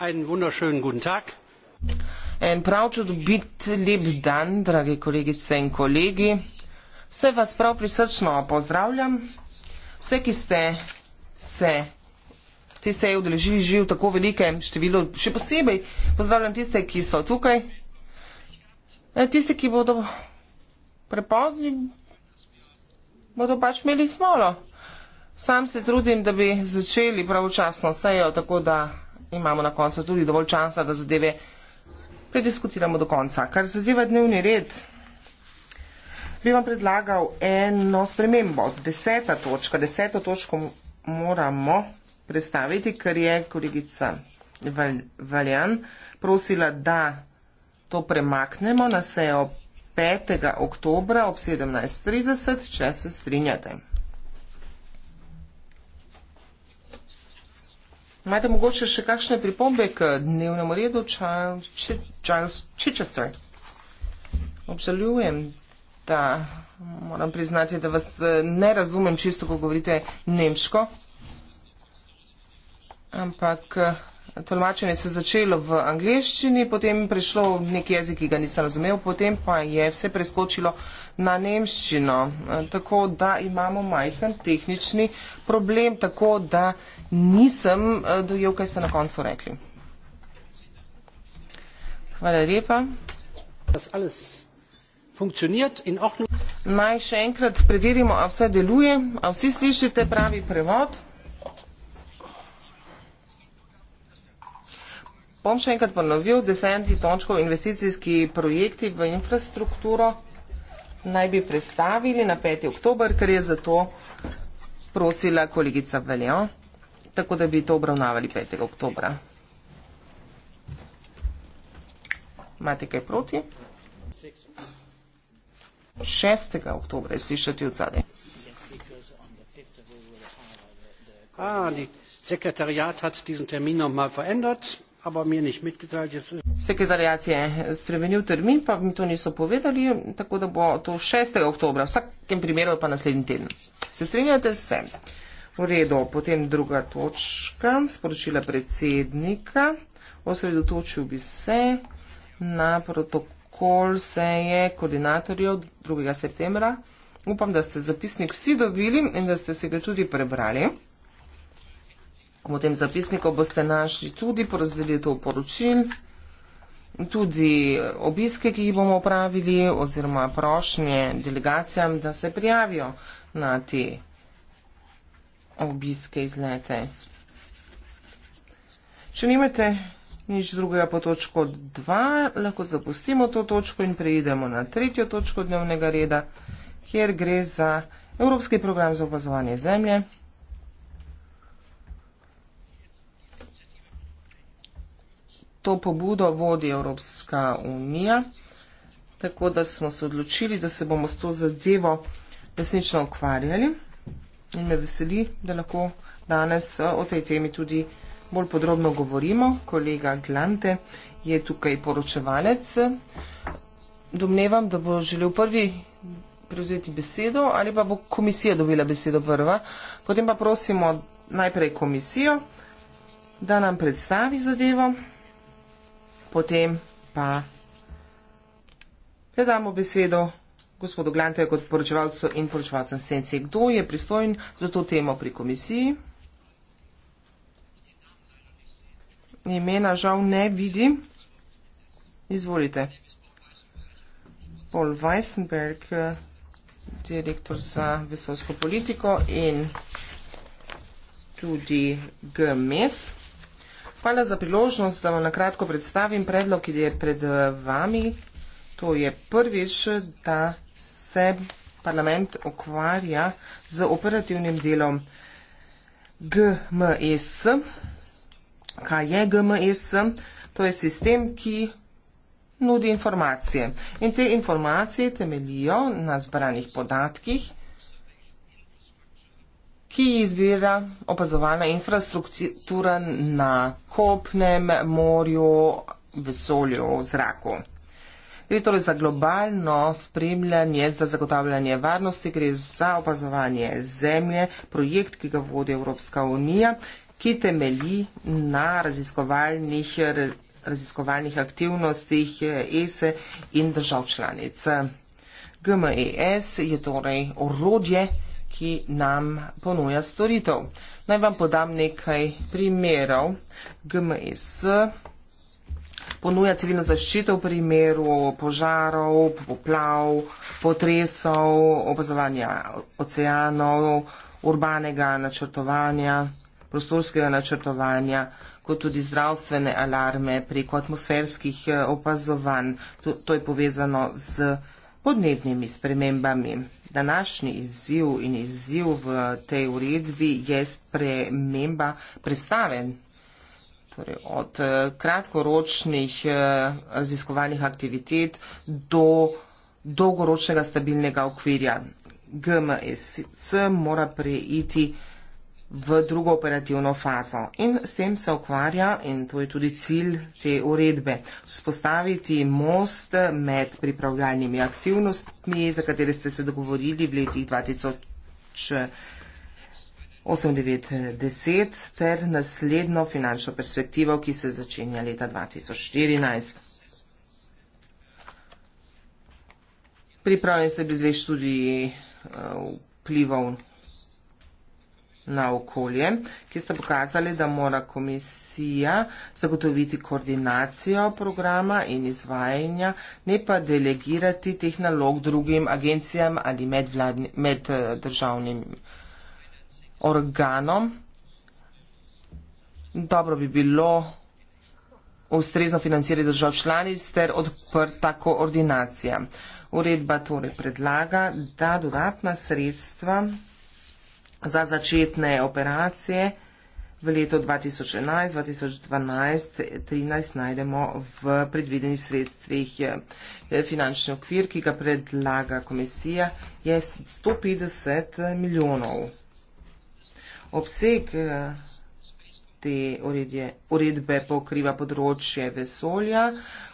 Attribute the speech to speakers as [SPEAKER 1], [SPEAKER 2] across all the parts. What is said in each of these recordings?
[SPEAKER 1] einen wunderschönen guten Tag.
[SPEAKER 2] En prav čudovit lep dan, drage kolegice in kolegi. Vse vas prav prisrčno pozdravljam. Vse, ki ste se te seje odeležili že v tako velikem številu, še posebej pozdravljam tiste, ki so tukaj. E, tiste, ki bodo prepozni, bodo pač imeli smolo. Sam se trudim, da bi začeli pravočasno sejo, tako da imamo na koncu tudi dovolj časa, da zadeve prediskutiramo do konca. Kar zadeva dnevni red, bi vam predlagal eno spremembo. Deseta točka, deseto točko moramo predstaviti, ker je kolegica Valjan prosila, da to premaknemo na sejo 5. oktobra ob 17.30, če se strinjate. Imate mogoče še kakšne pripombe k dnevnemu redu, Charles Chichester? Obžalujem, da moram priznati, da vas eh, ne razumem čisto, ko govorite nemško, ampak eh, tolmačenje se začelo v angleščini, potem prišlo neki jezik, ki ga nisem razumel, potem pa je vse preskočilo na nemščino. E, tako da imamo majhen tehnični problem, tako da nisem e, dojel, kaj ste na koncu rekli. Hvala lepa. Naj še enkrat preverimo, a vse deluje, a vsi slišite pravi prevod. Bom še enkrat ponovil, desetih točkov investicijski projekti v infrastrukturo naj bi predstavili na 5. oktober, ker je zato prosila kolegica Veljo, tako da bi to obravnavali 5. oktobra. Imate kaj proti? 6. oktobra je slišati od zadaj.
[SPEAKER 1] Ah, die Sekretariat hat diesen Termin noch mal verändert aber mir nicht mitgeteilt. Jetzt
[SPEAKER 2] ist Sekretariat je spremenil termin, pa mi to niso povedali, tako da bo to 6. oktober, vsakem primeru pa naslednji teden. Se strinjate se? V redu, potem druga točka, sporočila predsednika. Osredotočil bi se na protokol seje koordinatorjev 2. septembra. Upam, da ste zapisnik vsi dobili in da ste se ga tudi prebrali. V tem zapisniku boste našli tudi porazdelitev poročil, tudi obiske, ki jih bomo upravili, oziroma prošnje delegacijam, da se prijavijo na te obiske izlete. Če nimate nič drugega po točko 2, lahko zapustimo to točko in preidemo na tretjo točko dnevnega reda, kjer gre za Evropski program za opazovanje zemlje. to pobudo vodi Evropska unija. Tako da smo se odločili, da se bomo s to zadevo resnično ukvarjali. In me veseli, da lahko danes eh, o tej temi tudi bolj podrobno govorimo. Kolega Glante je tukaj poročevalec. Domnevam, da bo želel prvi prevzeti besedo ali pa bo komisija dobila besedo prva. Potem pa prosimo najprej komisijo, da nam predstavi zadevo potem pa predamo besedo gospodu Glante kot poročevalcu in poročevalcem Senci. Kdo je pristojen za to temo pri komisiji? Imena žal ne vidim. Izvolite. Paul Weissenberg, direktor za vesoljsko politiko in tudi GMS. E Hvala za priložnost, da vam na kratko predstavim predlog, ki je pred eh, vami. To je prvič, da se parlament ukvarja z operativnim delom GMS. Kaj je GMS? To je sistem, ki nudi informacije. In te informacije temelijo na zbranih podatkih ki jih izbira opazovalna infrastruktura na kopnem, morju, vesolju, zraku. Gre torej za globalno spremljanje, za zagotavljanje varnosti, gre za opazovanje zemlje, projekt, ki ga vodi Evropska unija, ki temelji na raziskovalnih, raziskovalnih aktivnostih ESE e in držav članic. GMES je torej orodje, ki nam ponuja storitev. Naj vam podam nekaj primerov. GMS ponuja civilno zaščito v primeru požarov, poplav, potresov, opazovanja oceanov, urbanega načrtovanja, prostorskega načrtovanja kot tudi zdravstvene alarme preko atmosferskih eh, opazovanj. To, to je povezano z podnebnimi spremembami. Današnji izziv in izziv v tej uredbi je sprememba predstaven. Torej od eh, kratkoročnih eh, raziskovalnih aktivitet do dolgoročnega stabilnega okvirja. GMSC mora preiti v drugo operativno fazo. In s tem se ukvarja, in to je tudi cilj te uredbe, spostaviti most med pripravljalnimi aktivnostmi, za katere ste se dogovorili v letih 2890 ter naslednjo finančno perspektivo, ki se začenja leta 2014. Pripravljeni ste bili dve študiji eh, vplivov na okolje, ki sta pokazali, da mora komisija zagotoviti koordinacijo programa in izvajanja, ne pa delegirati teh nalog drugim agencijam ali meddržavnim eh, organom. Dobro bi bilo ustrezno financirati držav članic ter odprta koordinacija. Uredba torej predlaga, da dodatna sredstva za začetne operacije v letu 2011, 2012, 2013 najdemo v predvidenih sredstvih. Finančni okvir, ki ga predlaga komisija, je 150 milijonov. Obseg te uredje, uredbe pokriva področje vesolja,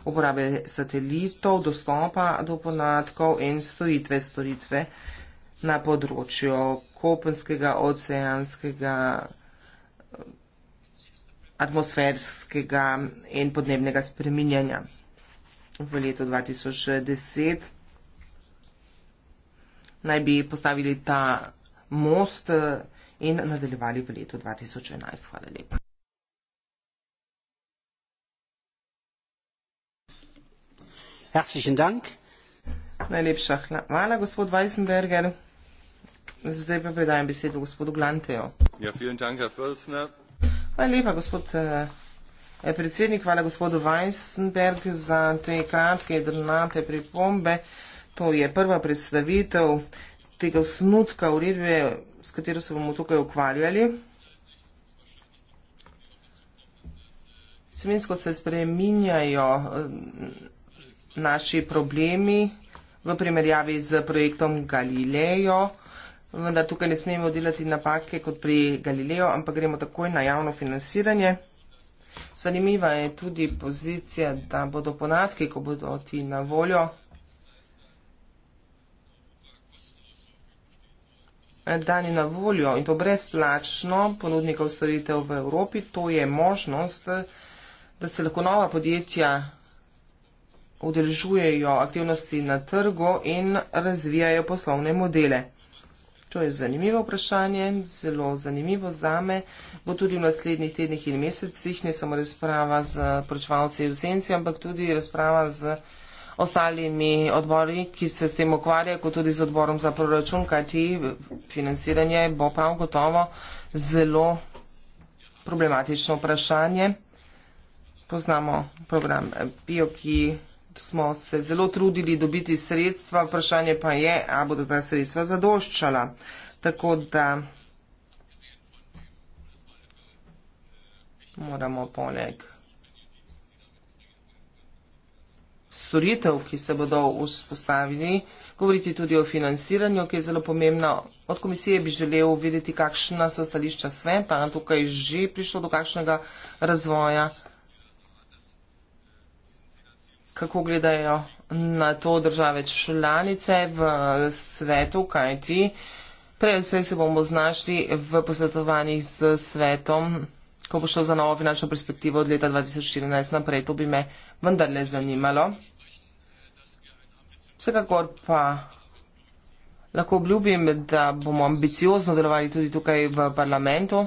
[SPEAKER 2] uporabe satelitov, dostopa do ponatkov in storitve, storitve na področju kopenskega, oceanskega, eh, atmosferskega in podnebnega spreminjanja. V letu 2010 naj bi postavili ta most eh, in nadaljevali v letu 2011. Hvala lepa. Herzlichen Dank. Najlepša hvala, gospod Weissenberger. Zdaj pa predajam besedo gospodu Glanteju.
[SPEAKER 3] Ja, dank,
[SPEAKER 2] hvala lepa, gospod eh, predsednik, hvala gospodu Weissenberg za te kratke, drnate pripombe. To je prva predstavitev tega snutka uredbe, s katero se bomo tukaj ukvarjali. Vsebinsko se spreminjajo eh, naši problemi v primerjavi z projektom Galileo. Eh, vendar tukaj ne smemo delati napake kot pri Galileo, ampak gremo takoj na javno financiranje. Zanimiva je tudi pozicija, da bodo ponatki, ko bodo ti na voljo, dani na voljo in to brezplačno ponudnikov storitev v Evropi, to je možnost, da se lahko nova podjetja udeležujejo aktivnosti na trgu in razvijajo poslovne modele. To je zanimivo vprašanje, zelo zanimivo zame. Bo tudi v naslednjih tednih in mesecih ne samo razprava z pročevalci v senci, ampak tudi razprava z ostalimi odbori, ki se s tem ukvarjajo, kot tudi z odborom za proračun, kajti financiranje bo prav gotovo zelo problematično vprašanje. Poznamo program BioKi smo se zelo trudili dobiti sredstva, vprašanje pa je, a bodo ta sredstva zadoščala. Tako da moramo poleg storitev, ki se bodo vzpostavili, govoriti tudi o financiranju, ki je zelo pomembno. Od komisije bi želel videti, kakšna so stališča sveta, tukaj že prišlo do kakšnega razvoja kako gledajo na to države članice v svetu, kajti prej vse se bomo znašli v posvetovanjih z svetom, ko bo šlo za novo finančno perspektivo od leta 2014 naprej. To bi me vendarle zanimalo. Vsekakor pa. Lahko obljubim, da bomo ambiciozno delovali tudi tukaj v parlamentu.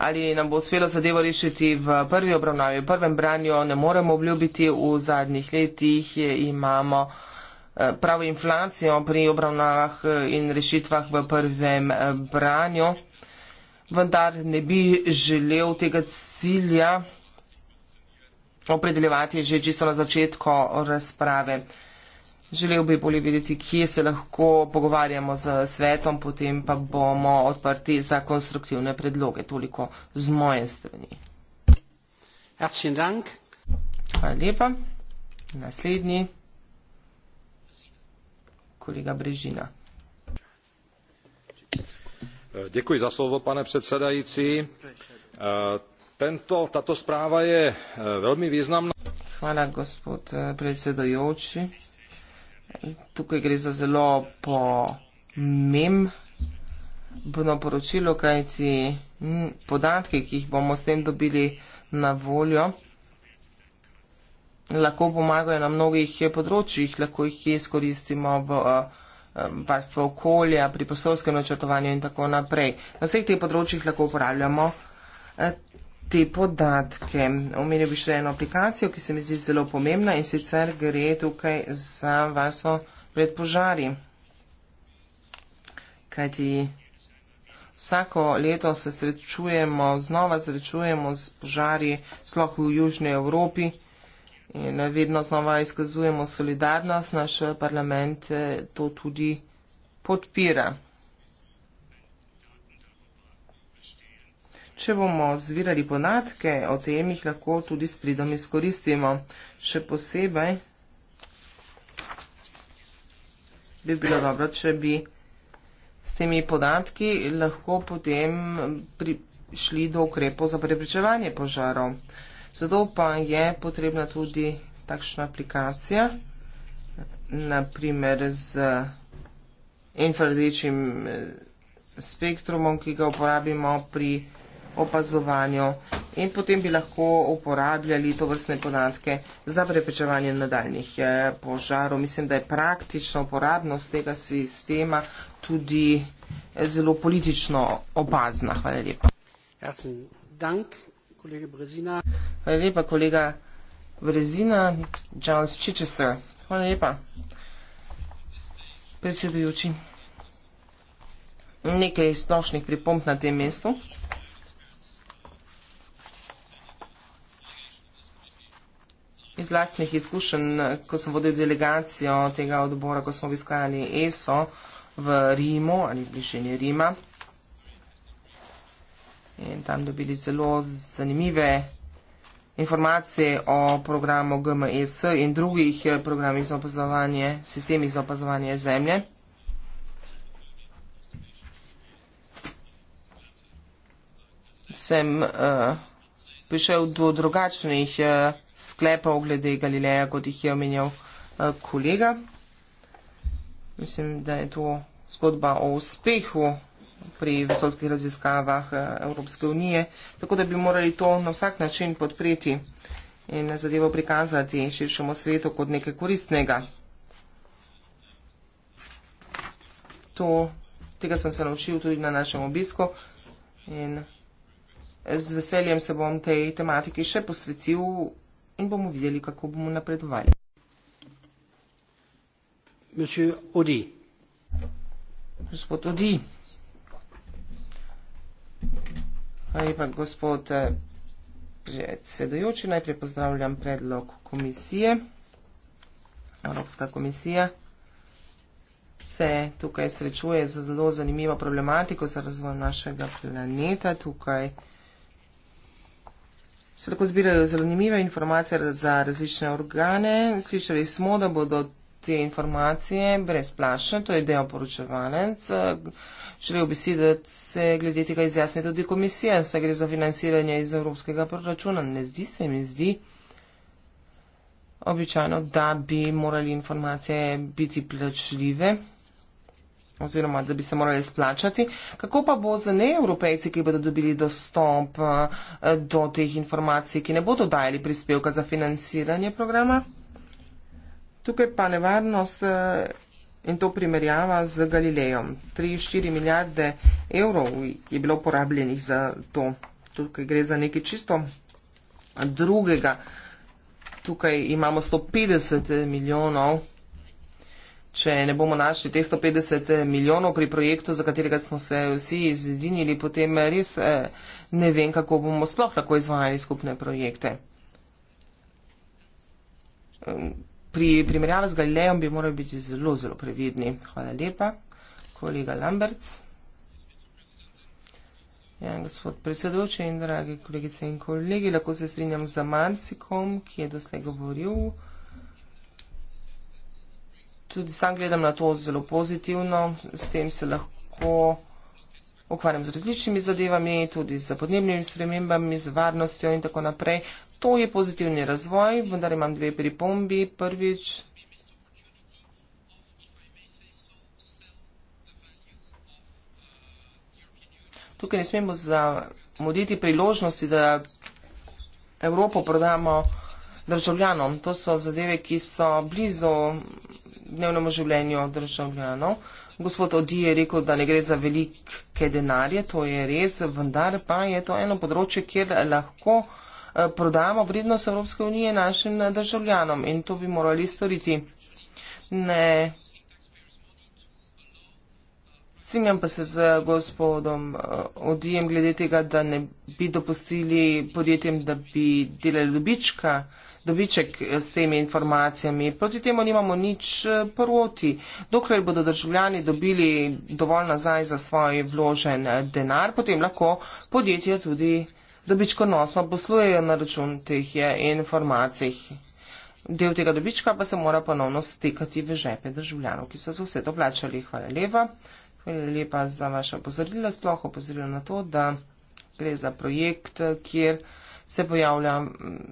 [SPEAKER 2] ali nam bo uspelo zadevo rešiti v prvi obravnavi, v prvem branju, ne moremo obljubiti. V zadnjih letih imamo eh, pravo inflacijo pri obravnavah eh, in rešitvah v prvem eh, branju, vendar ne bi želel tega cilja opredeljevati že čisto na začetku razprave. Želel bi bolje videti, kje se lahko pogovarjamo z svetom, potem pa bomo odprti za konstruktivne predloge. Toliko z moje strani. Hvala lepa. Naslednji. Kolega Brežina. Děkuji za slovo, pane předsedající. Tento, tato zpráva je eh, velmi významná. Hvala, gospod eh, predsedajoči. Tukaj gre za zelo pomembno poročilo, kajti podatke, ki jih bomo s tem dobili na voljo, lahko pomagajo na mnogih področjih, lahko jih izkoristimo v varstvo okolja, pri poslovskem načrtovanju in tako naprej. Na vseh teh področjih lahko uporabljamo te podatke. Omenil bi še eno aplikacijo, ki se mi zdi zelo pomembna in sicer gre tukaj za varstvo pred požari. Kajti vsako leto se srečujemo, znova srečujemo z požari, sploh v Južni Evropi. In vedno znova izkazujemo solidarnost, naš parlament eh, to tudi podpira. Če bomo zbirali podatke o tem, jih lahko tudi s pridom izkoristimo. Še posebej bi bilo dobro, če bi s temi podatki lahko potem prišli do ukrepov za preprečevanje požarov. Zato pa je potrebna tudi takšna aplikacija, naprimer z infrardečim eh, spektrumom, ki ga uporabimo pri vsega opazovanju in potem bi lahko uporabljali to vrstne podatke za preprečevanje nadaljnih eh, požarov. Mislim, da je praktična uporabnost tega sistema tudi eh, zelo politično opazna. Hvala lepa. Hvala lepa, kolega Brezina. Charles Chichester. Hvala lepa. Predsedujoči. Nekaj splošnih pripomp na tem mestu. iz lastnih izkušenj, ko sem vodil delegacijo tega odbora, ko smo obiskali ESO v Rimu ali bližini Rima. In tam dobili zelo zanimive informacije o programu GMS e in drugih programih za opazovanje, sistemih za opazovanje zemlje. Sem uh, prišel do drugačnih uh, sklepov glede Galileja, kot jih je omenjal eh, kolega. Mislim, da je to zgodba o uspehu pri vesolskih raziskavah eh, Evropske unije, tako da bi morali to na vsak način podpreti in zadevo prikazati širšemu svetu kot nekaj koristnega. To, tega sem se naučil tudi na našem obisku in z veseljem se bom tej tematiki še posvetil in bomo videli, kako bomo napredovali. Odi. Gospod Odi. Hvala lepa, gospod eh, predsedujoči. Najprej pozdravljam predlog komisije. Evropska komisija se tukaj srečuje z zelo zanimivo problematiko za razvoj našega planeta. Tukaj se lahko zbirajo zanimive informacije za različne organe. Slišali smo, da bodo te informacije brezplačne, to je del poročevanec. Želel bi si, da se glede tega izjasni tudi komisija, se gre za financiranje iz evropskega proračuna. Ne zdi se mi, zdi običajno, da bi morali informacije biti plačljive oziroma da bi se morali splačati. Kako pa bo za neevropejci, ki bodo dobili dostop eh, do teh informacij, ki ne bodo dajali prispevka za financiranje programa? Tukaj pa nevarnost eh, in to primerjava z Galilejem. 3-4 milijarde evrov je bilo porabljenih za to. Tukaj gre za nekaj čisto drugega. Tukaj imamo 150 milijonov Če ne bomo našli 150 eh, milijonov pri projektu, za katerega smo se vsi izjedinili, potem eh, res eh, ne vem, kako bomo sploh lahko izvajali skupne projekte. Ehm, pri primerjavi z Galilejem bi morali biti zelo, zelo previdni. Hvala lepa, kolega Lamberts. Ja, gospod predsedujoči in dragi kolegice in kolegi, lahko se strinjam za Marsikom, ki je doslej govoril tudi sam gledam na to zelo pozitivno, s tem se lahko ukvarjam z različnimi zadevami, tudi z podnebnimi spremembami, z varnostjo in tako naprej. To je pozitivni razvoj, vendar imam dve pripombi. Prvič, tukaj ne smemo zamuditi priložnosti, da Evropo prodamo državljanom. To so zadeve, ki so blizu dnevnemu življenju državljanov. Gospod Odi je rekel, da ne gre za velike denarje, to je res, vendar pa je to eno področje, kjer lahko eh, prodamo vrednost Evropske unije našim eh, državljanom in to bi morali storiti. Ne. Svinjam pa se z gospodom eh, Odijem glede tega, da ne bi dopustili podjetjem, da bi delali dobička dobiček s temi informacijami. Proti temu nimamo nič eh, proti. Dokler bodo državljani dobili dovolj nazaj za svoj vložen eh, denar, potem lahko podjetje tudi dobičko nosno poslujejo na račun teh eh, informacij. Del tega dobička pa se mora ponovno stekati v žepe državljanov, ki so za vse to plačali. Hvala lepa. Hvala lepa za vaše opozorila, sploh opozorila na to, da gre za projekt, kjer se pojavlja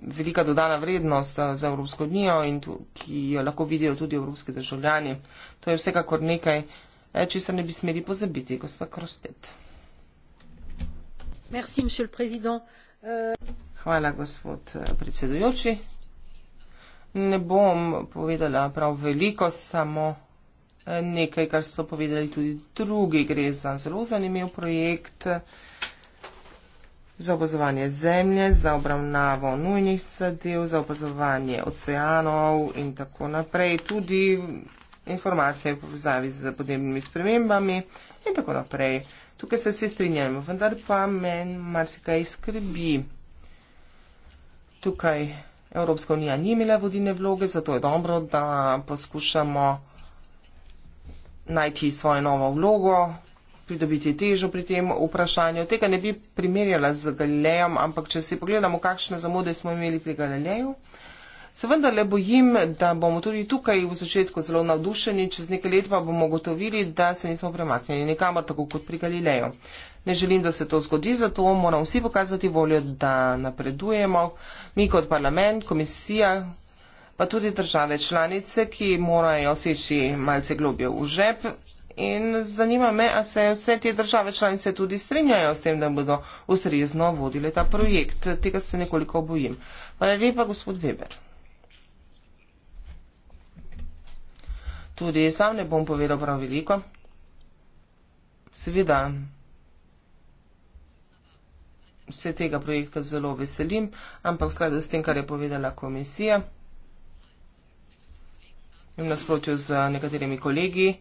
[SPEAKER 2] velika dodana vrednost eh, za Evropsko unijo in tu, ki jo lahko vidijo tudi evropski državljani. To je vsekakor nekaj, eh, če se ne bi smeli pozabiti, gospa Krostet.
[SPEAKER 3] Merci, euh,
[SPEAKER 2] Hvala, gospod eh, predsedujoči. Ne bom povedala prav veliko, samo nekaj, kar so povedali tudi drugi. Gre za zelo zanimiv projekt za opazovanje zemlje, za obravnavo nujnih sadev, za opazovanje oceanov in tako naprej, tudi informacije v povezavi z podnebnimi spremembami in tako naprej. Tukaj se vsi strinjamo, vendar pa meni marsikaj skrbi. Tukaj Evropska unija ni imela vodine vloge, zato je dobro, da poskušamo najti svojo novo vlogo, pridobiti težo pri tem vprašanju. Tega ne bi primerjala z Galilejem, ampak če si pogledamo, kakšne zamude smo imeli pri Galileju, se vendar le bojim, da bomo tudi tukaj v začetku zelo navdušeni, čez nekaj let pa bomo gotovili, da se nismo premaknili nikamor tako kot pri Galileju. Ne želim, da se to zgodi, zato moramo vsi pokazati voljo, da napredujemo. Mi kot parlament, komisija, pa tudi države članice, ki morajo seči malce globje v žep, in zanima me, a se vse te države članice tudi strinjajo s tem, da bodo ustrezno vodile ta projekt. Tega se nekoliko obojim. Hvala lepa, gospod Weber. Tudi sam ne bom povedal prav veliko. Seveda se tega projekta zelo veselim, ampak v skladu s tem, kar je povedala komisija, v nasprotju z nekaterimi kolegi,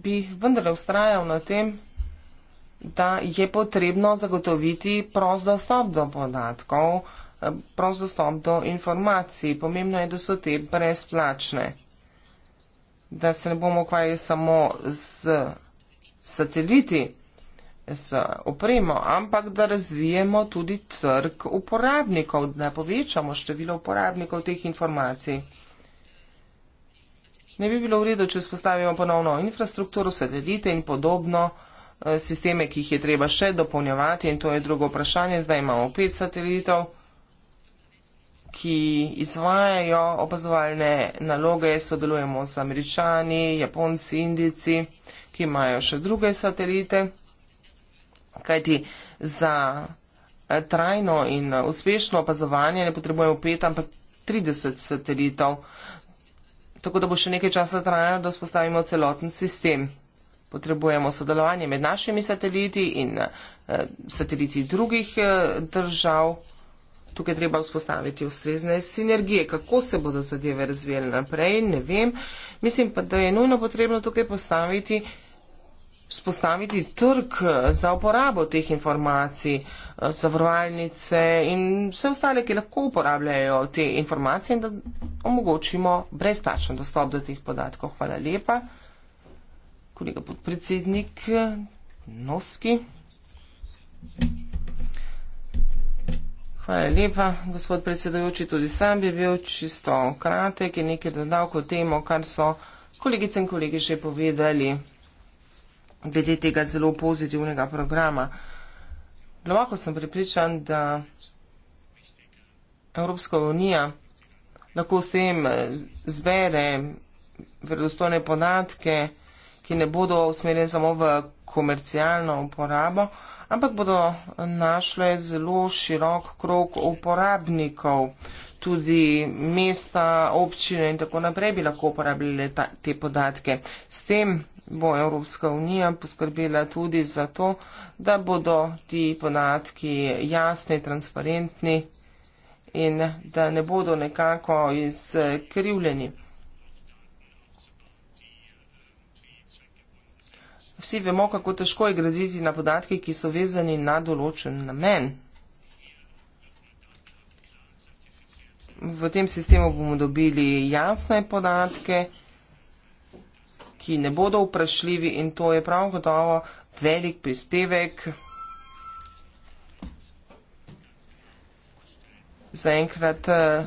[SPEAKER 2] bi vendarle ustrajal na tem, da je potrebno zagotoviti prost dostop do podatkov, eh, prost dostop do informacij. Pomembno je, da so te brezplačne, da se ne bomo ukvarjali samo z sateliti, z opremo, ampak da razvijemo tudi trg uporabnikov, da povečamo število uporabnikov teh informacij ne bi bilo v redu, če vzpostavimo ponovno infrastrukturo, satelite in podobno eh, sisteme, ki jih je treba še dopolnjevati in to je drugo vprašanje. Zdaj imamo pet satelitov, ki izvajajo opazovalne naloge, sodelujemo z američani, japonci, indici, ki imajo še druge satelite, kajti za eh, trajno in eh, uspešno opazovanje ne potrebujemo pet, ampak 30 satelitov tako da bo še nekaj časa trajalo, da spostavimo celoten sistem. Potrebujemo sodelovanje med našimi sateliti in eh, sateliti drugih eh, držav. Tukaj treba vzpostaviti ustrezne sinergije. Kako se bodo zadeve razvijale naprej, ne vem. Mislim pa, da je nujno potrebno tukaj postaviti spostaviti trg eh, za uporabo teh informacij, eh, zavarovalnice in vse ostale, ki lahko uporabljajo te informacije in da omogočimo brezplačen dostop do teh podatkov. Hvala lepa. Kolega podpredsednik eh, Novski. Hvala lepa, gospod predsedujoči. Tudi sam bi bil čisto kratek in nekaj dodal k temu, kar so kolegice in kolegi že povedali glede tega zelo pozitivnega programa. Globoko sem pripričan, da Evropska unija lahko s tem eh, zbere verodostojne podatke, ki ne bodo usmerjene samo v komercialno uporabo, ampak bodo našle zelo širok krok uporabnikov. Tudi mesta, občine in tako naprej bi lahko uporabljali te podatke. S tem bo Evropska unija poskrbela tudi za to, da bodo ti podatki jasni, transparentni in da ne bodo nekako izkrivljeni. Vsi vemo, kako težko je graditi na podatki, ki so vezani na določen namen. V tem sistemu bomo dobili jasne podatke ki ne bodo vprašljivi in to je prav gotovo velik prispevek. Zaenkrat eh,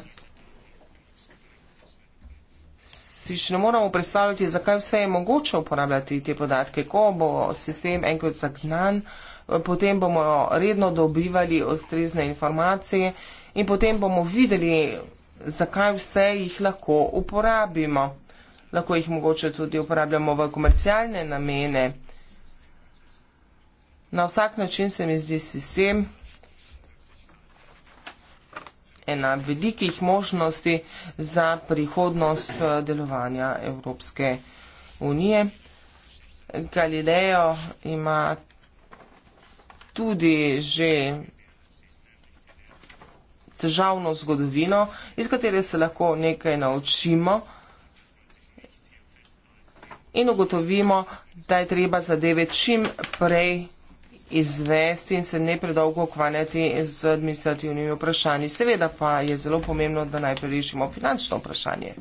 [SPEAKER 2] si še ne moramo predstavljati, zakaj vse je mogoče uporabljati te podatke. Ko bo sistem enkrat zagnan, eh, potem bomo redno dobivali ostrezne informacije in potem bomo videli, zakaj vse jih lahko uporabimo lahko jih mogoče tudi uporabljamo v komercialne namene. Na vsak način se mi zdi sistem ena velikih možnosti za prihodnost eh, delovanja Evropske unije. Galileo ima tudi že težavno zgodovino, iz katere se lahko nekaj naučimo in ugotovimo, da je treba zadeve čim prej izvesti in se ne predolgo ukvarjati z administrativnimi vprašanji. Seveda pa je zelo pomembno, da najprej rešimo finančno vprašanje.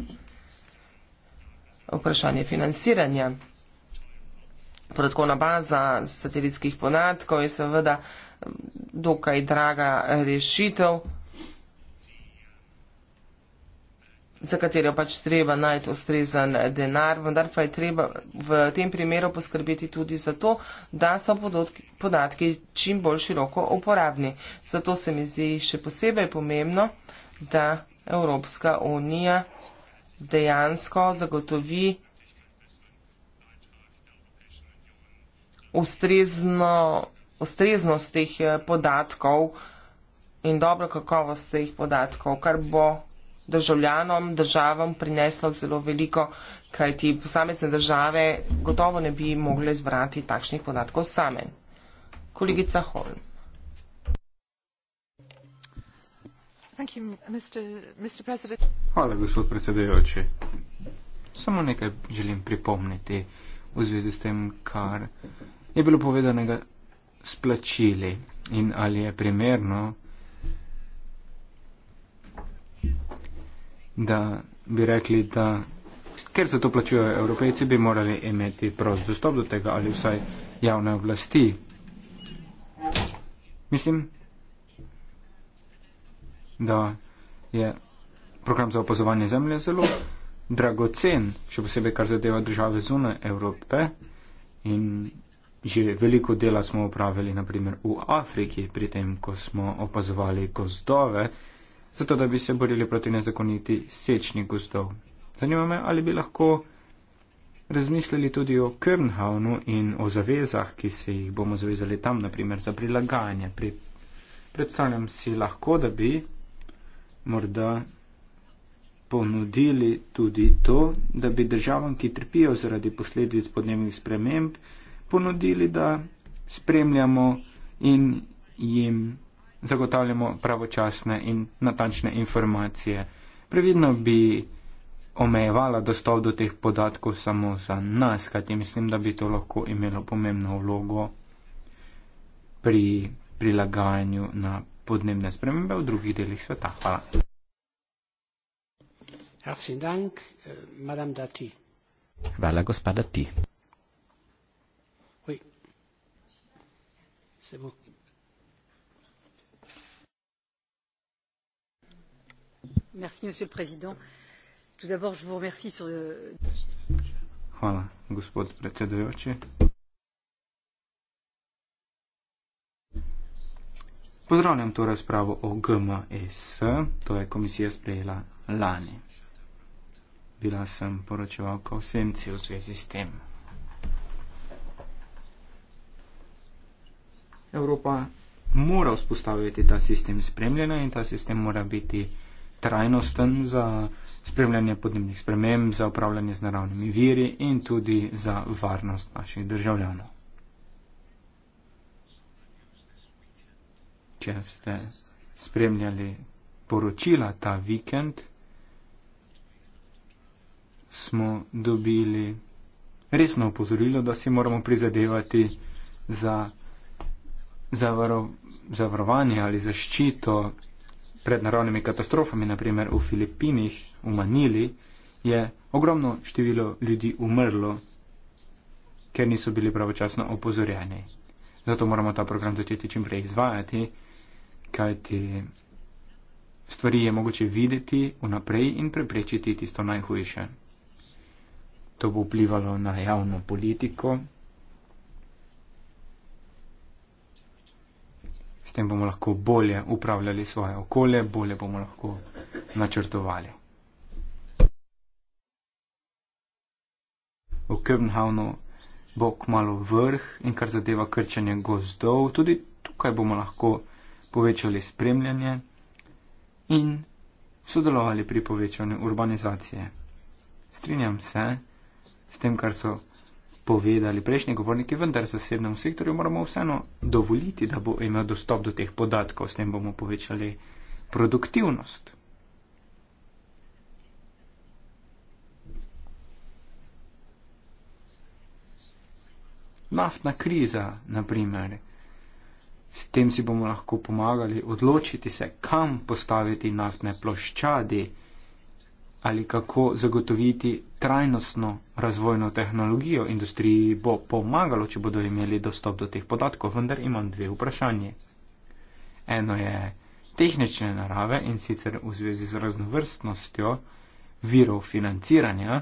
[SPEAKER 2] Vprašanje financiranja. Protokolna baza satelitskih podatkov je seveda dokaj draga rešitev. za katero pač treba najti ustrezan denar, vendar pa je treba v tem primeru poskrbeti tudi za to, da so podatki čim bolj široko uporabni. Zato se mi zdi še posebej pomembno, da Evropska unija dejansko zagotovi ustrezno, ustreznost teh eh, podatkov in dobro kakovost teh podatkov, kar bo državljanom, državam prineslo zelo veliko, kajti posamezne države gotovo ne bi mogle izbrati takšnih podatkov same. Kolegica Holm.
[SPEAKER 3] Hvala, gospod predsedujoči. Samo nekaj želim pripomniti v zvezi s tem, kar je bilo povedanega s plačili in ali je primerno da bi rekli, da ker se to plačujejo evropejci, bi morali imeti prost dostop do tega ali vsaj javne oblasti. Mislim, da je program za opazovanje zemlje zelo dragocen, še posebej kar zadeva države zune Evrope in že veliko dela smo upravili naprimer v Afriki pri tem, ko smo opazovali gozdove, zato da bi se borili proti nezakoniti sečni gozdov. Zanima me, ali bi lahko razmislili tudi o Krnhavnu in o zavezah, ki se jih bomo zavezali tam, naprimer za prilagajanje. Pri... Predstavljam si lahko, da bi morda ponudili tudi to, da bi državam, ki trpijo zaradi posledic podnebnih sprememb, ponudili, da spremljamo in jim zagotavljamo pravočasne in natančne informacije. Previdno bi omejevala dostop do teh podatkov samo za nas, kajti mislim, da bi to lahko imelo pomembno vlogo pri prilagajanju na podnebne spremembe v drugih delih sveta. Hvala.
[SPEAKER 1] Eh, Hvala, gospoda Ti.
[SPEAKER 3] Oui. C'est bon.
[SPEAKER 1] monsieur le président tout d'abord je vous remercie sur le
[SPEAKER 3] voilà Pozdravljam to razpravo o GMS, to je komisija sprejela lani. Bila sem poročevalka v Senci v zvezi s tem. Evropa mora vzpostaviti ta sistem spremljanja in ta sistem mora biti trajnosten za spremljanje podnebnih sprememb, za upravljanje z naravnimi viri in tudi za varnost naših državljanov. Če ste spremljali poročila ta vikend, smo dobili resno opozorilo, da si moramo prizadevati za zavarovanje ali zaščito pred naravnimi katastrofami, naprimer v Filipinih, v Manili, je ogromno število ljudi umrlo, ker niso bili pravočasno opozorjeni. Zato moramo ta program začeti čim prej izvajati, kajti stvari je mogoče videti vnaprej in preprečiti tisto najhujše. To bo vplivalo na javno politiko, S tem bomo lahko bolje upravljali svoje okolje, bolje bomo lahko načrtovali. V Köbenhavnu bo kmalo vrh in kar zadeva krčanje gozdov, tudi tukaj bomo lahko povečali spremljanje in sodelovali pri povečanju urbanizacije. Strinjam se s tem, kar so povedali prejšnji govorniki, vendar zasebnemu sektorju moramo vseeno dovoliti, da bo imel dostop do teh podatkov, s tem bomo povečali produktivnost. Naftna kriza, naprimer. S tem si bomo lahko pomagali odločiti se, kam postaviti naftne ploščadi ali kako zagotoviti trajnostno razvojno tehnologijo. Industriji bo pomagalo, če bodo imeli dostop do teh podatkov, vendar imam dve vprašanje. Eno je tehnične narave in sicer v zvezi z raznovrstnostjo virov financiranja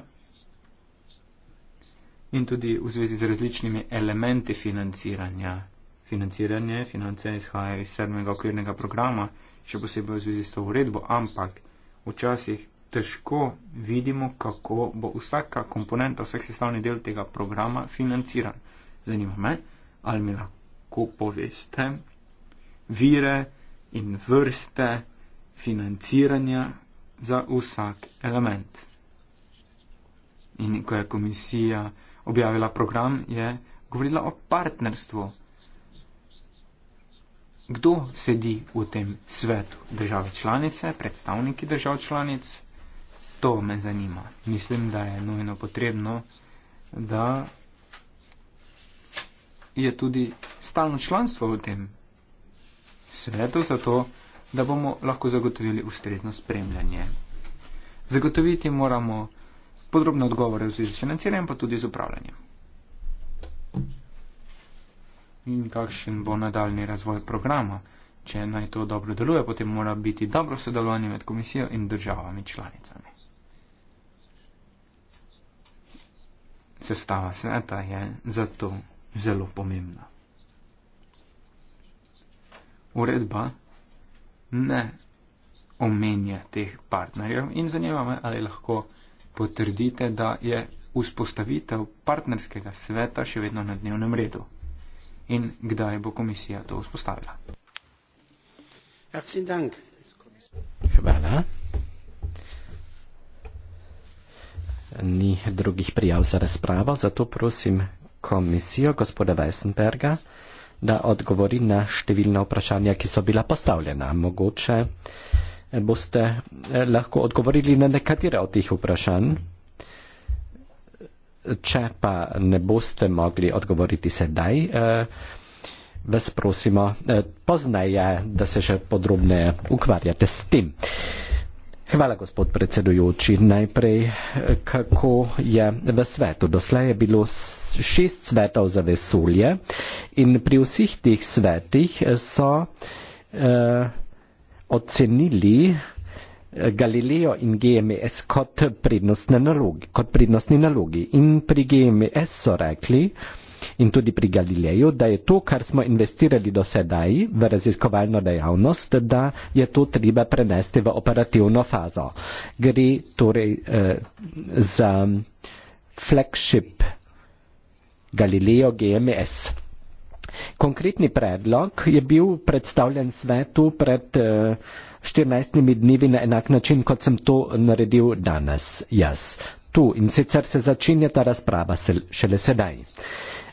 [SPEAKER 3] in tudi v zvezi z različnimi elementi financiranja. Financiranje finance izhaja iz sedmega okvirnega programa, še posebej v zvezi s to uredbo, ampak včasih težko vidimo, kako bo vsaka komponenta, vsak sestavni del tega programa financiran. Zanima me, ali mi lahko poveste vire in vrste financiranja za vsak element. In ko je komisija objavila program, je govorila o partnerstvu. Kdo sedi v tem svetu? Države članice, predstavniki držav članic, to me zanima. Mislim, da je nujno potrebno, da je tudi stalno članstvo v tem svetu, zato da bomo lahko zagotovili ustrezno spremljanje. Zagotoviti moramo podrobne odgovore v zvezi s financiranjem, pa tudi z upravljanjem. In kakšen bo nadaljni razvoj programa? Če naj to dobro deluje, potem mora biti dobro sodelovanje med komisijo in državami članicami. sestava sveta je zato zelo pomembna. Uredba ne omenja teh partnerjev in zanima me, ali lahko potrdite, da je vzpostavitev partnerskega sveta še vedno na dnevnem redu in kdaj bo komisija to vzpostavila.
[SPEAKER 1] Hvala. ni drugih prijav za razpravo, zato prosim komisijo gospoda Weissenberga, da odgovori na številna vprašanja, ki so bila postavljena. Mogoče boste eh, lahko odgovorili na nekatere od teh vprašanj. Če pa ne boste mogli odgovoriti sedaj, eh, vas prosimo eh, poznaje, da se še podrobneje ukvarjate s tem. Hvala, gospod predsedujoči. Najprej, kako je v svetu. Doslej je bilo šest svetov za vesolje in pri vseh teh svetih so eh, ocenili eh, Galileo in GMS kot, kot prednostni nalogi. In pri GMS so rekli, in tudi pri Galileju, da je to, kar smo investirali do sedaj v raziskovalno dejavnost, da je to treba prenesti v operativno fazo. Gre torej eh, za flagship Galileo GMS. Konkretni predlog je bil predstavljen svetu pred 14 eh, dnevi na enak način, kot sem to naredil danes jaz. Tu in sicer se začenja ta razprava šele sedaj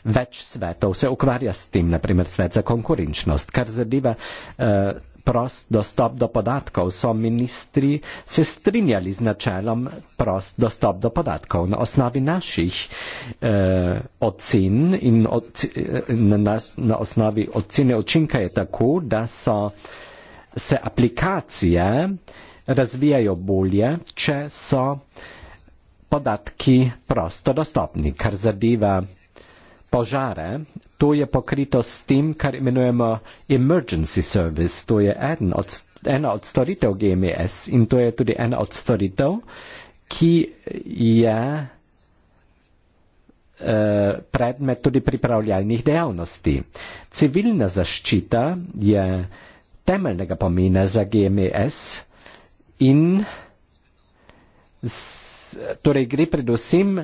[SPEAKER 1] več svetov se ukvarja s tem, naprimer svet za konkurenčnost, kar zadeva eh, prost dostop do podatkov. So ministri se strinjali z načelom prost dostop do podatkov. Na osnovi naših eh, ocen in oc, eh, na, naš, na osnovi ocene učinka je tako, da so se aplikacije razvijajo bolje, če so podatki prosto dostopni, kar zadeva požare, to je pokrito s tem, kar imenujemo emergency service. To je en od, ena od storitev GMS in to je tudi ena od storitev, ki je eh, predmet tudi pripravljalnih dejavnosti. Civilna zaščita je temeljnega pomena za GMS in z, torej gre predvsem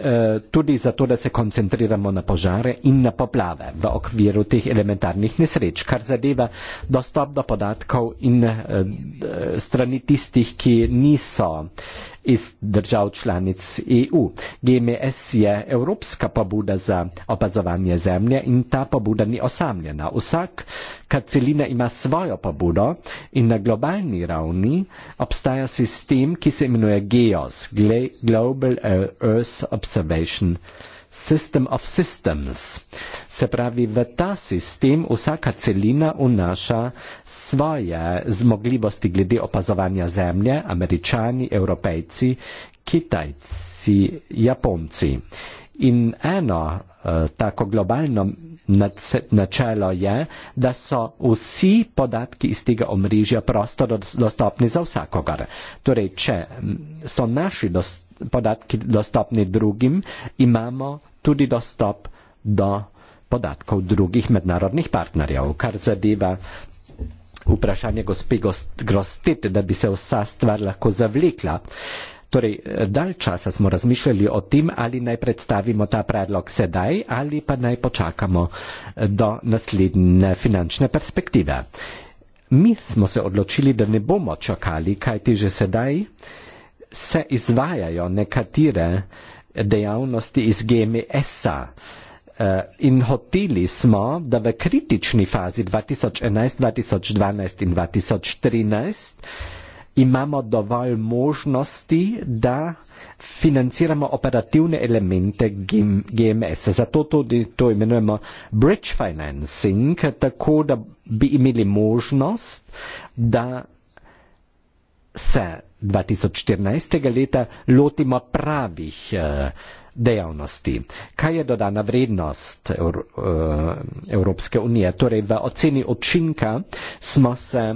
[SPEAKER 1] Eh, tudi zato, da se koncentriramo na požare in na poplave v okviru teh elementarnih nesreč, kar zadeva dostop do podatkov in eh, eh, strani tistih, ki niso iz držav članic EU. GMS je evropska pobuda za opazovanje zemlje in ta pobuda ni osamljena. Vsak, kar celina ima svojo pobudo in na globalni ravni obstaja sistem, ki se imenuje GEOS, Global Earth Observation Center system of systems. Se pravi, v ta sistem vsaka celina vnaša svoje zmogljivosti glede opazovanja zemlje, američani, evropejci, kitajci, japonci. In eno eh, tako globalno načelo je, da so vsi podatki iz tega omrežja prosto dostopni za vsakogar. Torej, če so naši dostopni, podatki dostopni drugim, imamo tudi dostop do podatkov drugih mednarodnih partnerjev, kar zadeva vprašanje gospe Grostit, da bi se vsa stvar lahko zavlekla. Torej, dalj časa smo razmišljali o tem, ali naj predstavimo ta predlog sedaj ali pa naj počakamo do naslednje finančne perspektive. Mi smo se odločili, da ne bomo čakali, kajti že sedaj se izvajajo nekatere dejavnosti iz GMS-a. Eh, in hoteli smo, da v kritični fazi 2011, 2012 in 2013 imamo dovolj možnosti, da financiramo operativne elemente GMS. Zato tudi to imenujemo bridge financing, tako da bi imeli možnost, da se 2014. leta lotimo pravih eh, dejavnosti. Kaj je dodana vrednost eh, Evropske unije? Torej, v oceni očinka smo se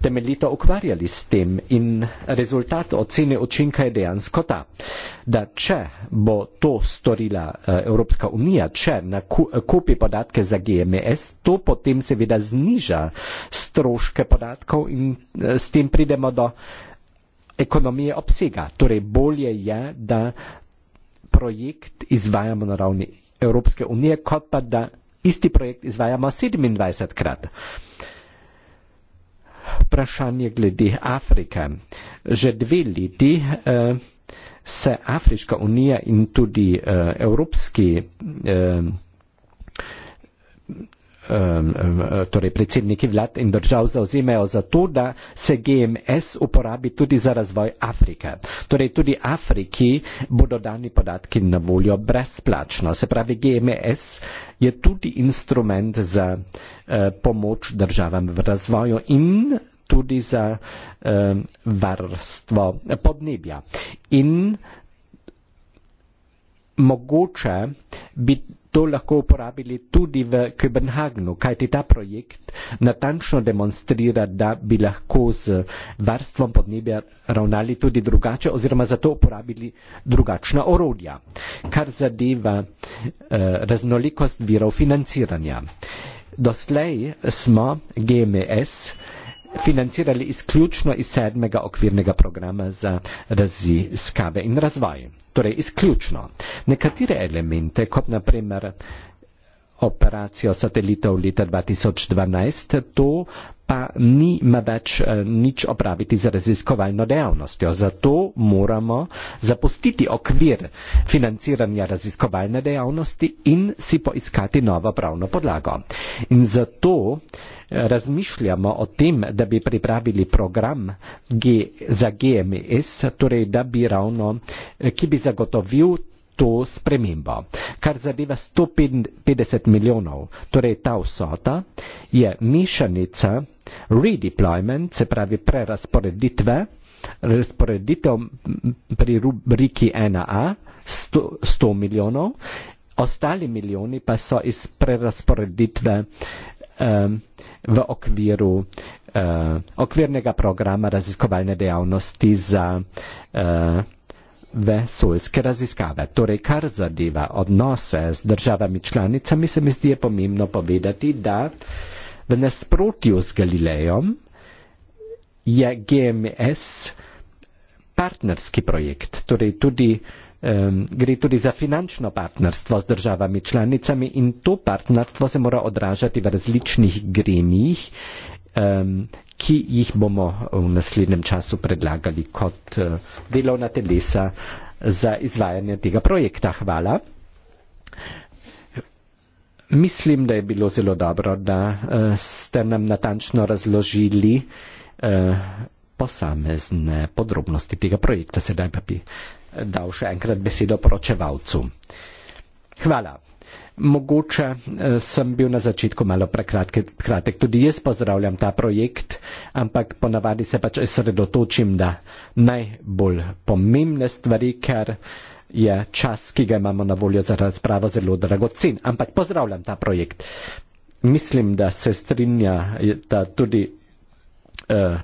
[SPEAKER 1] temeljito ukvarjali s tem in rezultat ocene učinka je dejansko ta, da če bo to storila eh, Evropska unija, če kupi podatke za GMS, to potem seveda zniža stroške podatkov in s tem pridemo do ekonomije obsega. Torej, bolje je, da projekt izvajamo na ravni Evropske unije, kot pa da isti projekt izvajamo 27 krat. Vprašanje glede Afrike. Že dve leti eh, se Afriška unija in tudi eh, Evropski eh, Um, um, torej predsedniki vlad in držav zauzimajo za to, da se GMS uporabi tudi za razvoj Afrike. Torej tudi Afriki bodo dani podatki na voljo brezplačno. Se pravi, GMS je tudi instrument za eh, pomoč državam v razvoju in tudi za eh, varstvo podnebja. In mogoče bi to lahko uporabili tudi v Kopenhagnu, kajti ta projekt natančno demonstrira, da bi lahko z varstvom podnebja ravnali tudi drugače oziroma za to uporabili drugačna orodja, kar zadeva eh, raznolikost virov financiranja. Doslej smo GMS eh, financirali izključno iz sedmega okvirnega programa za raziskave in razvoj. Torej, izključno. Nekatere elemente, kot naprimer operacijo satelitov leta 2012, to pa nima več eh, nič opraviti z raziskovalno dejavnostjo. Zato moramo zapustiti okvir financiranja raziskovalne dejavnosti in si poiskati novo pravno podlago. In zato eh, razmišljamo o tem, da bi pripravili program za GMS, torej da bi ravno, eh, ki bi zagotovil to spremembo. Kar zadeva 150 milijonov, torej ta vsota je mešanica redeployment, se pravi prerasporeditve, razporeditev pri rubriki 1A 100, 100 milijonov, ostali milijoni pa so iz prerasporeditve v okviru uh, okvirnega programa raziskovalne dejavnosti za uh, vesoljske raziskave. Torej, kar zadeva odnose z državami članicami, se mi zdi je pomembno povedati, da v nasprotju z Galilejem je GMS partnerski projekt. Torej, tudi, um, gre tudi za finančno partnerstvo z državami članicami in to partnerstvo se mora odražati v različnih gremijih. Um, ki jih bomo eh, v naslednjem času predlagali kot eh, delovna telesa za izvajanje tega projekta. Hvala. Mislim, da je bilo zelo dobro, da eh, ste nam natančno razložili posamezne podrobnosti tega projekta. Sedaj pa bi dal še enkrat besedo poročevalcu. Hvala. Mogoče eh, sem bil na začetku malo prekratek, tudi jaz pozdravljam ta projekt, ampak ponavadi se pač osredotočim na najbolj pomembne stvari, ker je čas, ki ga imamo na voljo za razpravo, zelo dragocen. Ampak pozdravljam ta projekt. Mislim, da se strinja da tudi uh,